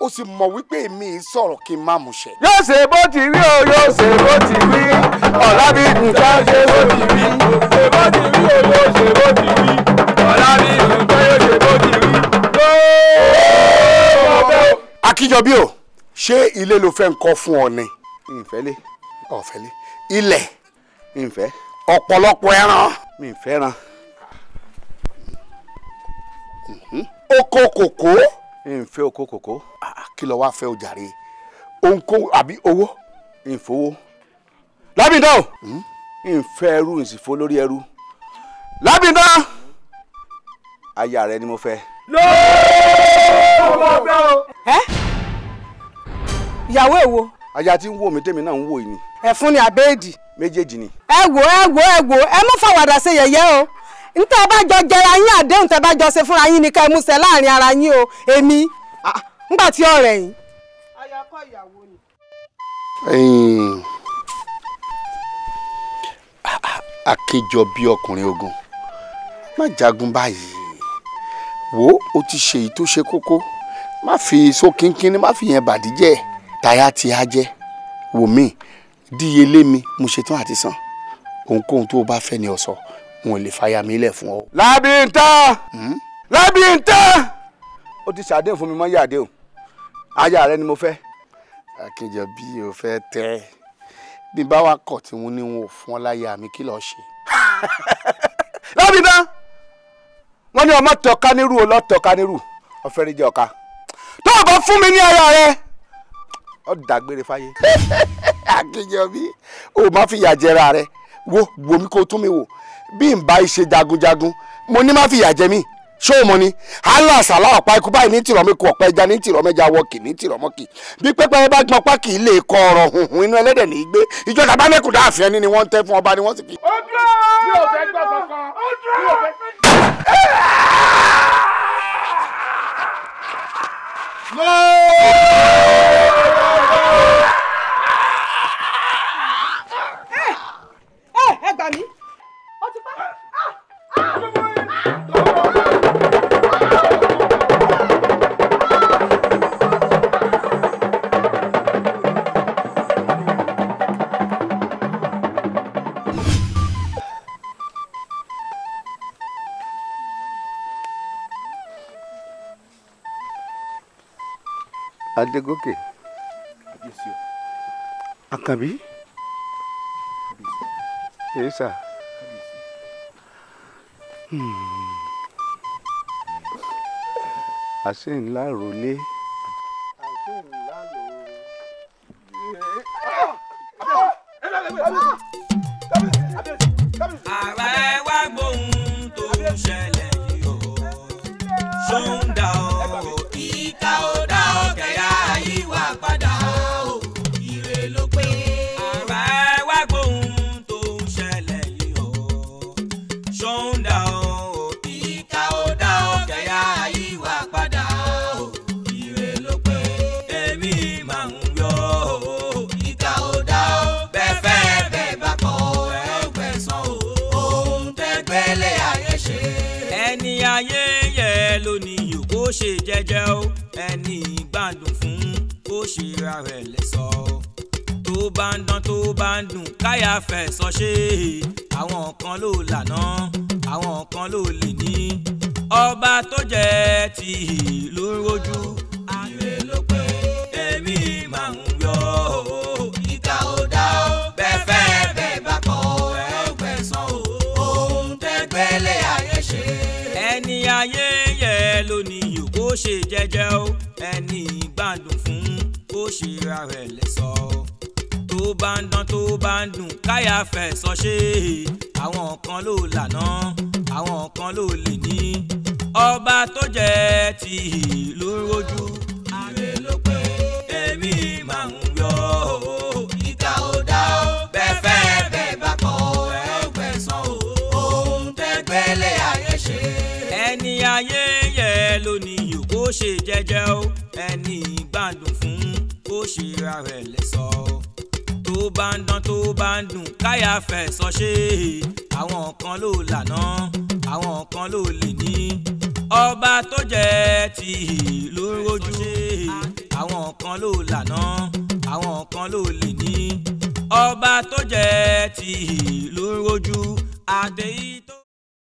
ó sì mọ̀ wípé mi sọ̀rọ̀ kí n má mu ṣẹ. yóò ṣe bó ti wí o yóò ṣe bó ti wí ọ̀làbí nǹkan ṣe bó ti wí ṣe bó ti wí o yóò ṣe bó ti wí akíjọbí o ṣé ilé ló fẹ́ nǹkan fún ọ ni. ìfẹ́lẹ́ ọ̀fẹ́lẹ́ ilẹ̀ ìfẹ́ ọ̀pọ̀lọpọ̀ ẹran ìfẹ́ràn mhm. oko kòkó. ìfẹ́ oko kòkó. Ah, kí ló wá fẹ́ o jàre ohunkóhun àbí owó ìfowó lábìdán mhm. ìfẹ́ ẹrú ìsìfó lórí ẹrú lábìdán aya rẹ ni mo fẹ́. lóòó mo fẹ́ o. ẹ ìyàwó èwo. aya tí ń wò mí tèmi náà ń wò yìí ni. ẹ̀fún ni àbẹ́ẹ̀dì. méjèèjì ni. ẹ wò ẹ wò ẹ wò ẹ má fàwàdà ṣe yẹ̀yẹ́ o ntẹ́ bá jọ jẹra yín àdéhùn tẹ́ bá jọ ṣe fúnra yín ni ká ẹ mú ṣẹ láàrin ara yín o èmi ńgbà tí ọ̀rẹ́ yín. aya kọ́ ìyàwó ni. akejọ bíi ọkùnrin ogun má jagun báyìí wo o ti ṣe èyí tó ṣe kókó má fi so kínkínní má fi yẹn bàdíjẹ́ táyà tí a jẹ́ wò mí díyelé mi mo ṣetán àti san ohunkóhun tó o bá fẹ́ ni ọ̀sọ̀ n ò lè fàyà mi lẹ̀ fún ọ. lábìntàn hmm? lábìntàn ó ti ṣàdéhùn fún mi mọ́ yàdé o aya rẹ ni mo fẹ́. akínjọ bí o fẹ́ tẹ́ bí bá wa kọ̀ tí wọ́n ní wọn ò fún ọ láyà mi kí lọ́ọ́ ṣe. lábìntàn wọ́n ní ọmọ tọ́ka nírú o lọ́tọ́ka nírú ọ̀fẹ́rẹ́ jẹ́ ọ̀ka tó o bá fún mi ní ara rẹ ọ dàgbére fáyé. akínyẹmí o má fìyà jẹra rẹ wo wo mi kó tún mi wò bí n bá ṣe jagunjagun mo ní má fìyà jẹ mí ṣé o mọ ni allah sàlá ọ̀pá ikú báyìí ní tìrọ̀mí kú ọ̀pá ẹja ní tìrọ̀mí ẹja wọ́ọ̀kì ní tìrọ̀mọ́kì bí pẹ́pẹ́ bá gbọ́n pákì ilé kọ ọ̀rọ̀ hùhùn inú ẹlẹ́dẹ̀ ní í gbé ìjọ tàbá mẹ́kùn dáàfin ẹni ni wọ́n ń tẹ́ fún ọba ni wọ́n sì fi. ó dúró bí o fẹ́ gbọ́ kankan bí o fẹ́. Ngô! adégòkè àkànbí èsà hmm. àṣẹ ńlá rọlé. Hmm.